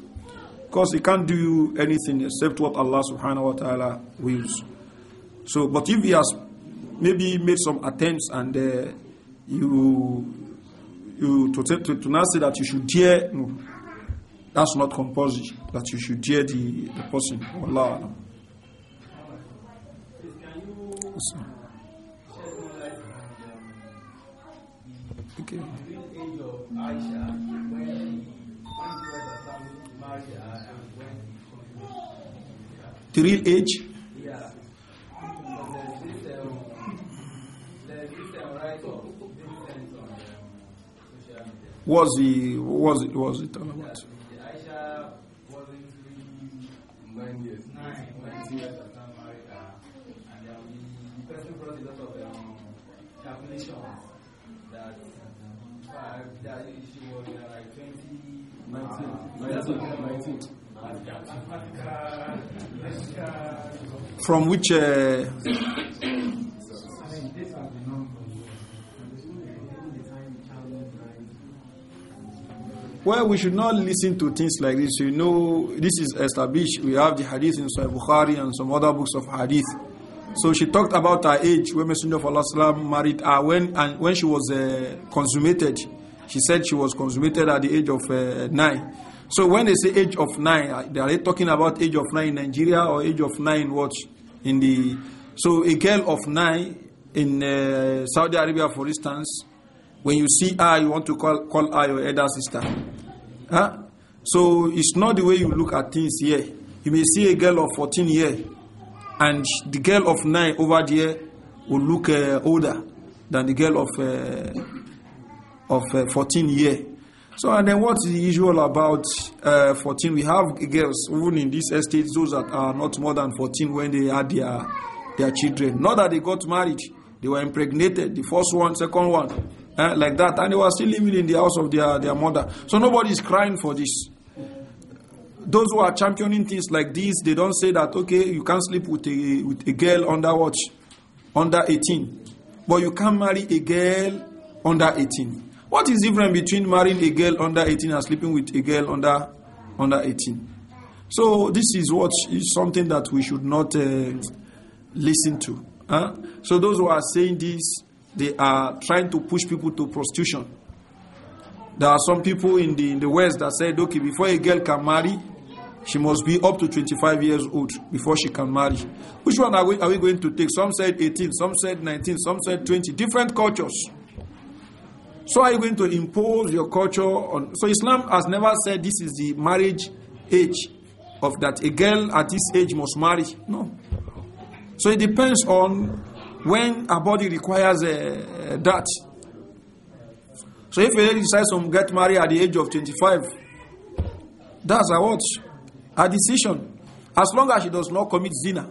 Because he can't do anything except what Allah subhanahu wa ta'ala wills. So, but if he has maybe made some attempts and uh, you, you to, to, to not say that you should dare, no, that's not compulsory, that you should dare the, the person. Allah. Uh, the real age? Um, um, um, was he? Was it? Was it all about? Aisha wasn't nine years. Nine, nine years at that married, uh, and the person brought a lot of calculations. From which? Uh, well, we should not listen to things like this. You know, this is established. We have the hadith in Sahih Bukhari and some other books of hadith. So she talked about her age when Messenger of Allah married her when and when she was uh, consummated. She said she was consummated at the age of uh, nine. So when they say age of nine, uh, they are talking about age of nine in Nigeria or age of nine what in the so a girl of nine in uh, Saudi Arabia, for instance, when you see her, you want to call call her your elder sister. Huh? So it's not the way you look at things here. You may see a girl of 14 years, and the girl of nine over there will look uh, older than the girl of uh, of uh, 14 year. So, and then what is the usual about uh, 14? We have girls, even in this estate, those that are not more than 14 when they had their, their children. Not that they got married, they were impregnated, the first one, second one, eh, like that. And they were still living in the house of their, their mother. So, nobody is crying for this. Those who are championing things like this, they don't say that, okay, you can't sleep with a, with a girl under watch, under 18. But you can marry a girl under 18. What is different between marrying a girl under 18 and sleeping with a girl under under 18? So this is what is something that we should not uh, listen to. Huh? So those who are saying this, they are trying to push people to prostitution. There are some people in the in the West that said, okay, before a girl can marry, she must be up to 25 years old before she can marry. Which one are we, are we going to take? Some said 18, some said 19, some said 20. Different cultures. So are you going to impose your culture on? So Islam has never said this is the marriage age of that a girl at this age must marry. No. So it depends on when a body requires uh, that. So if a lady decides to get married at the age of 25, that's a what? a decision. As long as she does not commit zina.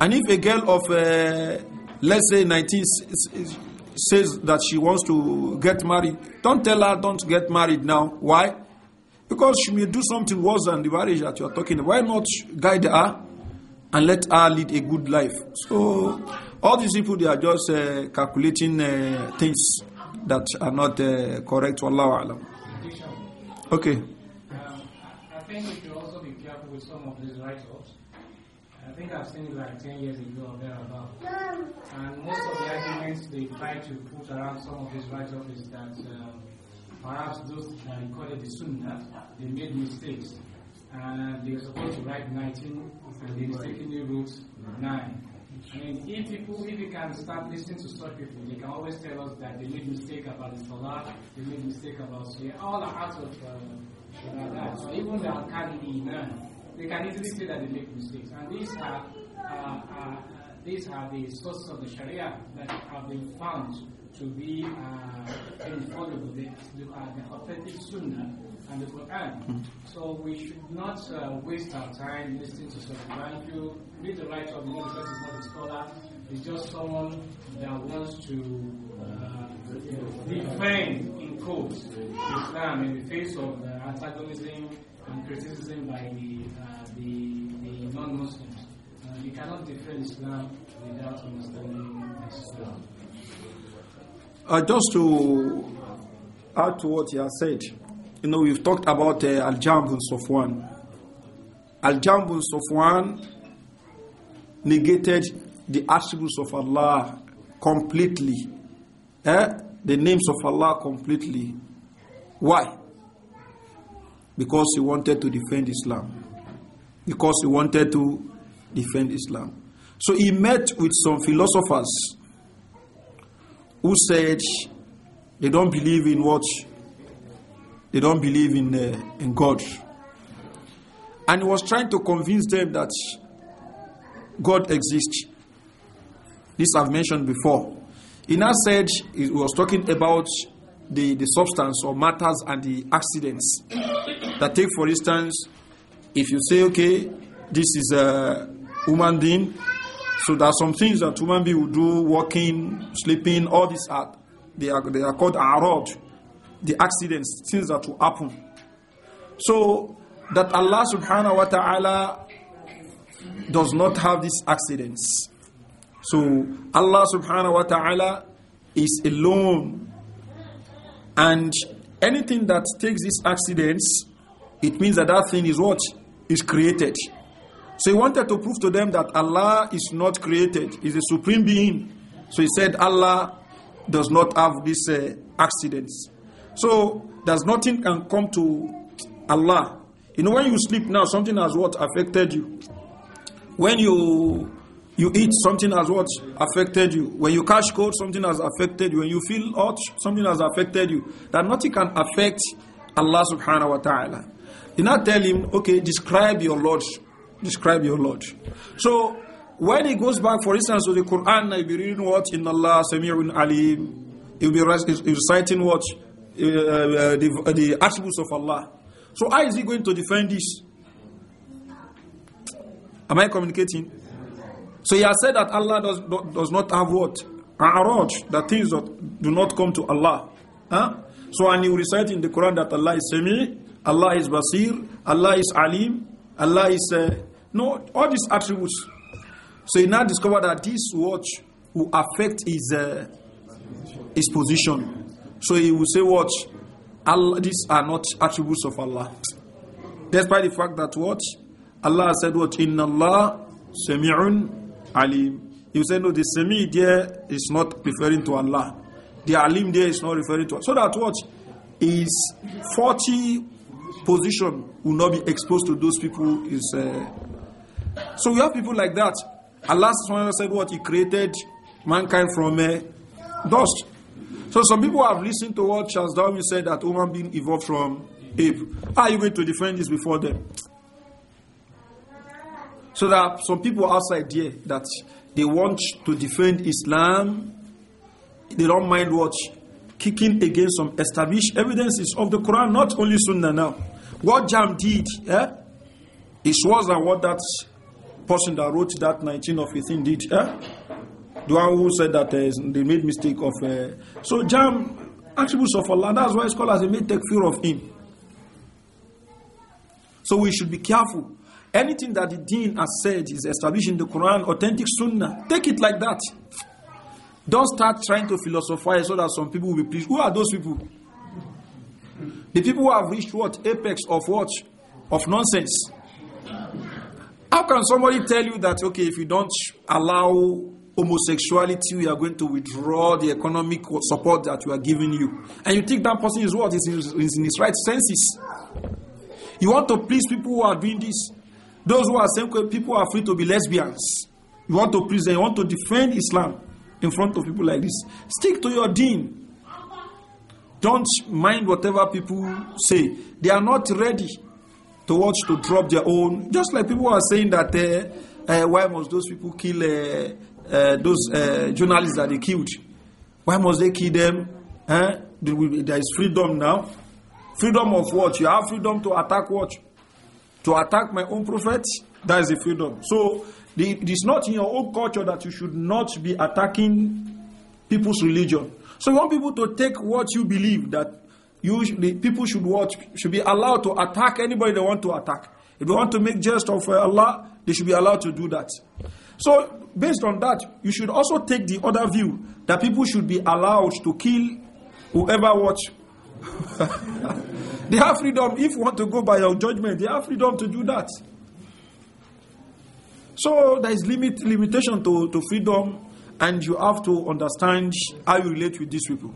And if a girl of, uh, let's say, 19, says that she wants to get married, don't tell her don't get married now. Why? Because she may do something worse than the marriage that you are talking. Why not guide her and let her lead a good life? So all these people they are just uh, calculating uh, things that are not uh, correct. Wallahu Okay. Um, I think we should also be careful with some of these rights think I've seen it like 10 years ago or thereabout, And most of the arguments they try to put around some of his write-up is that um, perhaps those that are call the Sunnah, they made mistakes. And they were supposed to write 19, and they mistakenly wrote 9. I mean, if people, if you can start listening to such people, they can always tell us that they made mistake about the Salah, they made mistake about Suya, all the out of uh, that. So even the Al-Qadi Iman, they can easily see that they make mistakes. And these are, uh, uh, uh, these are the sources of the Sharia that have been found to be uh, infallible. They, they are the authentic Sunnah and the Quran. Hmm. So we should not uh, waste our time listening to some you. Read the right of the Muslim is not a scholar. It's just someone that wants to uh, defend in quotes Islam in the face of antagonism and criticism by the, uh, the, the non-Muslims. Uh, you cannot defend Islam without understanding Islam. Uh, just to add to what you have said, you know, we've talked about uh, Al Jambun Sofwan. Al Jambun Sofwan negated the attributes of Allah completely, eh? the names of Allah completely. Why? because he wanted to defend Islam. Because he wanted to defend Islam. So he met with some philosophers who said they don't believe in what? They don't believe in, uh, in God. And he was trying to convince them that God exists. This I've mentioned before. He now said he was talking about the, the substance or matters and the accidents. that take, for instance, if you say, okay, this is a human being, so there are some things that human being will do, walking, sleeping, all these are they are they are called arod, the accidents, things that will happen. So that Allah subhanahu wa ta'ala does not have these accidents. So Allah subhanahu wa ta'ala is alone and anything that takes these accidents, it means that that thing is what? Is created. So he wanted to prove to them that Allah is not created, He's a supreme being. So he said, Allah does not have these uh, accidents. So there's nothing can come to Allah. You know, when you sleep now, something has what affected you. When you you eat, something has what affected you. When you catch cold, something has affected you. When you feel hot, something has affected you. That nothing can affect Allah subhanahu wa ta'ala. You not tell him, okay, describe your Lord. Describe your Lord. So when he goes back, for instance, to the Quran, he'll be reading what? In Allah Sami'un Alim. He'll be reciting what? uh, uh the, uh, the attributes of Allah. So how is he going to defend this? Am I communicating? So he has said that Allah does, does not have what? A'raj, that things that do not come to Allah. Huh? So and you recite in the Quran that Allah is semi, Allah is Basir, Allah is Alim, Allah is... Uh, no, all these attributes. So he now discovered that this watch will affect his, uh, his position. So he will say, watch, Allah, these are not attributes of Allah. Despite the fact that what? Allah said what? Inna Allah sami'un Alim. You say, no, the Semi there is not referring to Allah. The Alim there is not referring to Allah. So that what? Is 40 position will not be exposed to those people. Is uh... So we have people like that. Allah said what? He created mankind from uh, dust. So some people have listened to what Charles Darwin said that human being evolved from ape. Are you going to defend this before them? So there are some people outside there that they want to defend Islam. They don't mind what kicking against some established evidences of the Quran, not only Sunnah now. What Jam did yeah, is worse than what that person that wrote that 19 of 15 thing did. yeah. The one who said that uh, they made mistake of... Uh, so Jam, attributes of Allah, that's why scholars they make take fear of him. So we should be careful Anything that the deen has said is established in the Quran, authentic sunnah. Take it like that. Don't start trying to philosophize so that some people will be pleased. Who are those people? The people who have reached what? Apex of what? Of nonsense. How can somebody tell you that, okay, if you don't allow homosexuality, we are going to withdraw the economic support that we are giving you? And you think that person is what? Is in his right senses. You want to please people who are doing this. Those who are saying people are free to be lesbians. You want to present, you want to defend Islam in front of people like this. Stick to your deen. Don't mind whatever people say. They are not ready to watch to drop their own. Just like people are saying that uh, uh, why must those people kill uh, those journalists that they killed? Why must they kill them? Eh? There is freedom now. Freedom of what? You have freedom to attack what? to attack my own prophets, that is the freedom. So it is not in your own culture that you should not be attacking people's religion. So you want people to take what you believe that you the people should watch should be allowed to attack anybody they want to attack. If they want to make jest of uh, Allah, they should be allowed to do that. So based on that, you should also take the other view that people should be allowed to kill whoever what they have freedom. If you want to go by your judgment, they have freedom to do that. So there is limit limitation to, to freedom, and you have to understand how you relate with these people.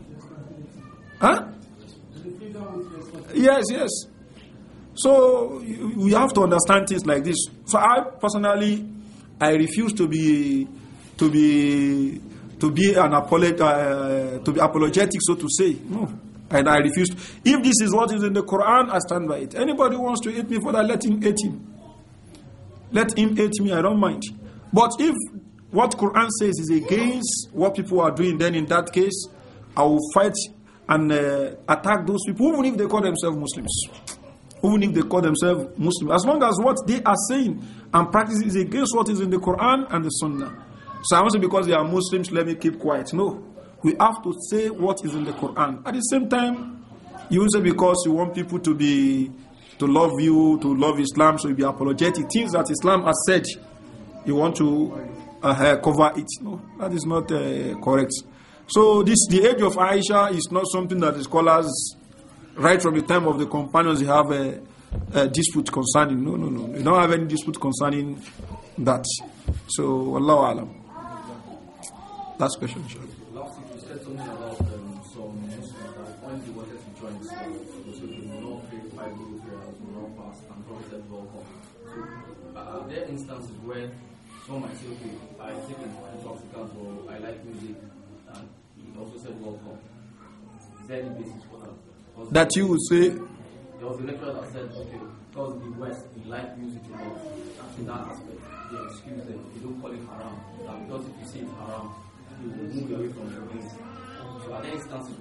Huh? Yes, yes. So we have to understand things like this. So I personally, I refuse to be to be to be an apolog- uh, to be apologetic, so to say. No. And I refused. If this is what is in the Quran, I stand by it. Anybody wants to eat me for that, let him eat him. Let him eat me, I don't mind. But if what Quran says is against what people are doing, then in that case, I will fight and uh, attack those people, even if they call themselves Muslims. Even if they call themselves Muslims. As long as what they are saying and practicing is against what is in the Quran and the Sunnah. So I am not say because they are Muslims, let me keep quiet. No we have to say what is in the Quran. At the same time, you say because you want people to be to love you, to love Islam, so you be apologetic. Things that Islam has said, you want to uh, uh cover it. No, that is not uh, correct. So this the age of Aisha is not something that the scholars, right from the time of the companions, they have a, a dispute concerning. No, no, no. You don't have any dispute concerning that. So, Allah Alam. Last question, inshallah told about um, some that when wanted to join not five not and So uh, there instances where some might say, okay, I take an intoxicant or I like music, and he also said welcome. Is there any basis for that? That you would say? There was a lecturer that said, okay, because the West, music a lot, and in that aspect, they excuse them, they don't call it haram, that because if you say it's haram, you will move away from your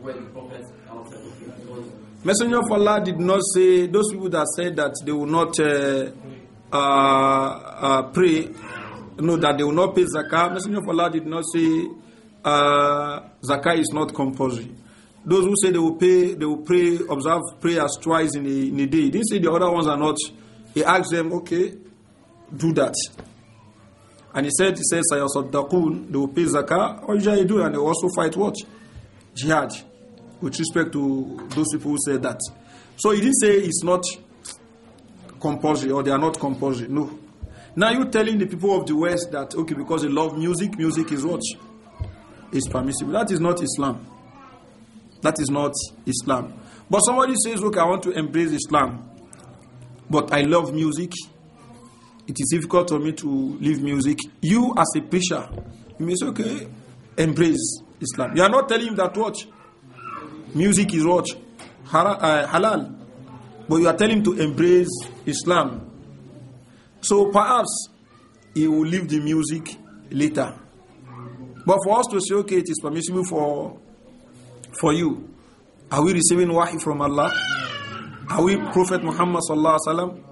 where the prophet Messenger of Allah did not say, those people that said that they will not uh, uh, uh, pray, no, that they will not pay zakah. Messenger of Allah did not say uh, zakah is not compulsory. Those who say they will pay, they will pray, observe prayers twice in a, in a day. He didn't say the other ones are not. He asked them, okay, do that. And he said, he says, they will pay zakah, or do and they also fight what? jihad with respect to those people who said that. So he didn't say it's not compulsory or they are not compulsory. No. Now you're telling the people of the West that, okay, because they love music, music is what? Is permissible. That is not Islam. That is not Islam. But somebody says, look, I want to embrace Islam, but I love music. It is difficult for me to leave music. You, as a preacher, you may say, okay, embrace. Islam. You are not telling him that watch Music is watch uh, halal. But you are telling him to embrace Islam. So perhaps he will leave the music later. But for us to say, okay, it is permissible for, for you. Are we receiving wahi from Allah? Are we Prophet Muhammad sallallahu alaihi wasallam?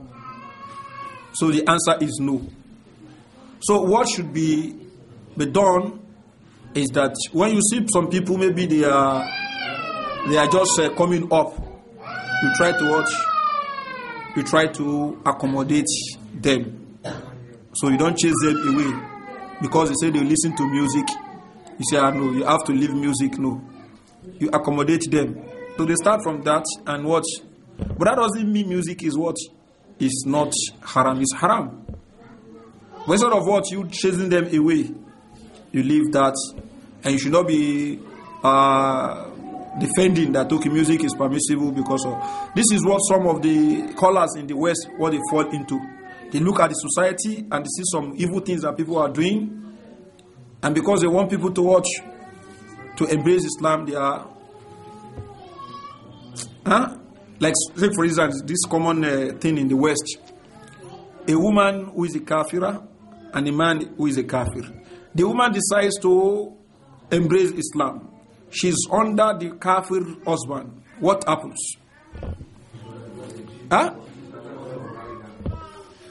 So the answer is no. So what should be, be done is that when you see some people, maybe they are they are just uh, coming up. You try to watch. You try to accommodate them, so you don't chase them away because they say they listen to music. You say, ah, "No, you have to leave music." No, you accommodate them. So they start from that and watch. But that doesn't mean music is what is not haram. It's haram. But instead of what you chasing them away, you leave that, and you should not be uh, defending that Toki music is permissible because of this is what some of the callers in the West what they fall into. They look at the society and they see some evil things that people are doing, and because they want people to watch, to embrace Islam, they are. Huh? Like, say for instance, this common uh, thing in the West a woman who is a kafira and a man who is a kafir. The woman decides to embrace Islam. She's under the kafir husband. What happens? Huh?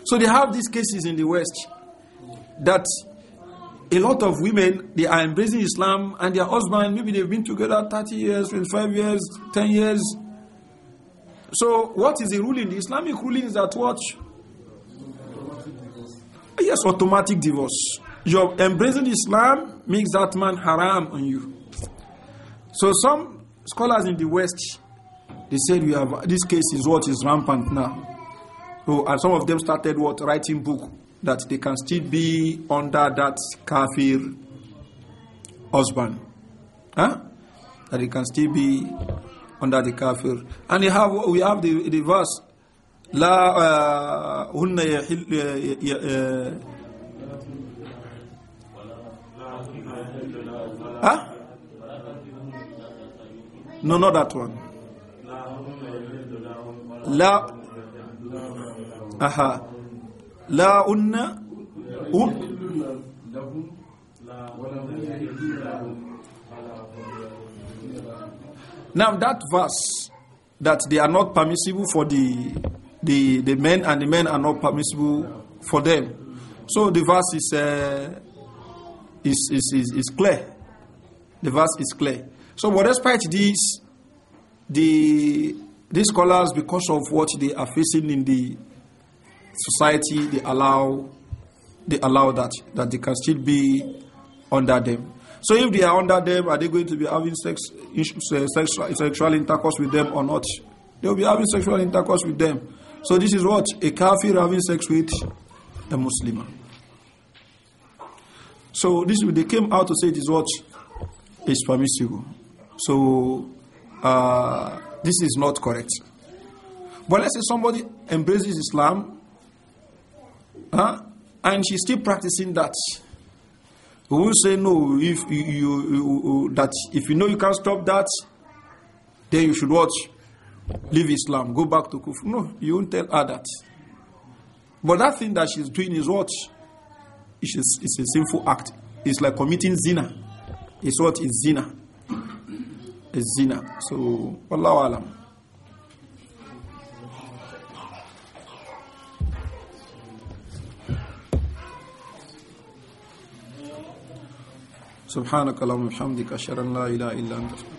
So they have these cases in the West that a lot of women they are embracing Islam and their husband maybe they've been together 30 years, 25 years, 10 years. So what is the ruling? The Islamic ruling is that what? Yes, automatic divorce. Your embracing Islam makes that man haram on you. So some scholars in the West, they said we have this case is what is rampant now. So, and some of them started what writing book that they can still be under that kafir husband, huh? That they can still be under the kafir. And we have we have the, the verse. لا هن uh, No, not that one. La. Aha. La unna. Now that verse that they are not permissible for the the the men and the men are not permissible for them. So the verse is uh, is, is, is is clear. The verse is clear. So, but despite this, the these scholars, because of what they are facing in the society, they allow they allow that that they can still be under them. So if they are under them, are they going to be having sex, uh, sexual, sexual intercourse with them or not? They will be having sexual intercourse with them. So this is what a kafir having sex with a Muslim. So this they came out to say it is what is permissible. So uh, this is not correct. But let's say somebody embraces Islam huh, and she's still practicing that. We will say no if you, you, you, that if you know you can't stop that, then you should watch, leave Islam, go back to kufr. No, you won't tell her that. But that thing that she's doing is what is it's a sinful act. It's like committing zina. It's what is zina. الزنا سو والله أعلم سبحانك اللهم وبحمدك أشهد أن لا إله إلا أنت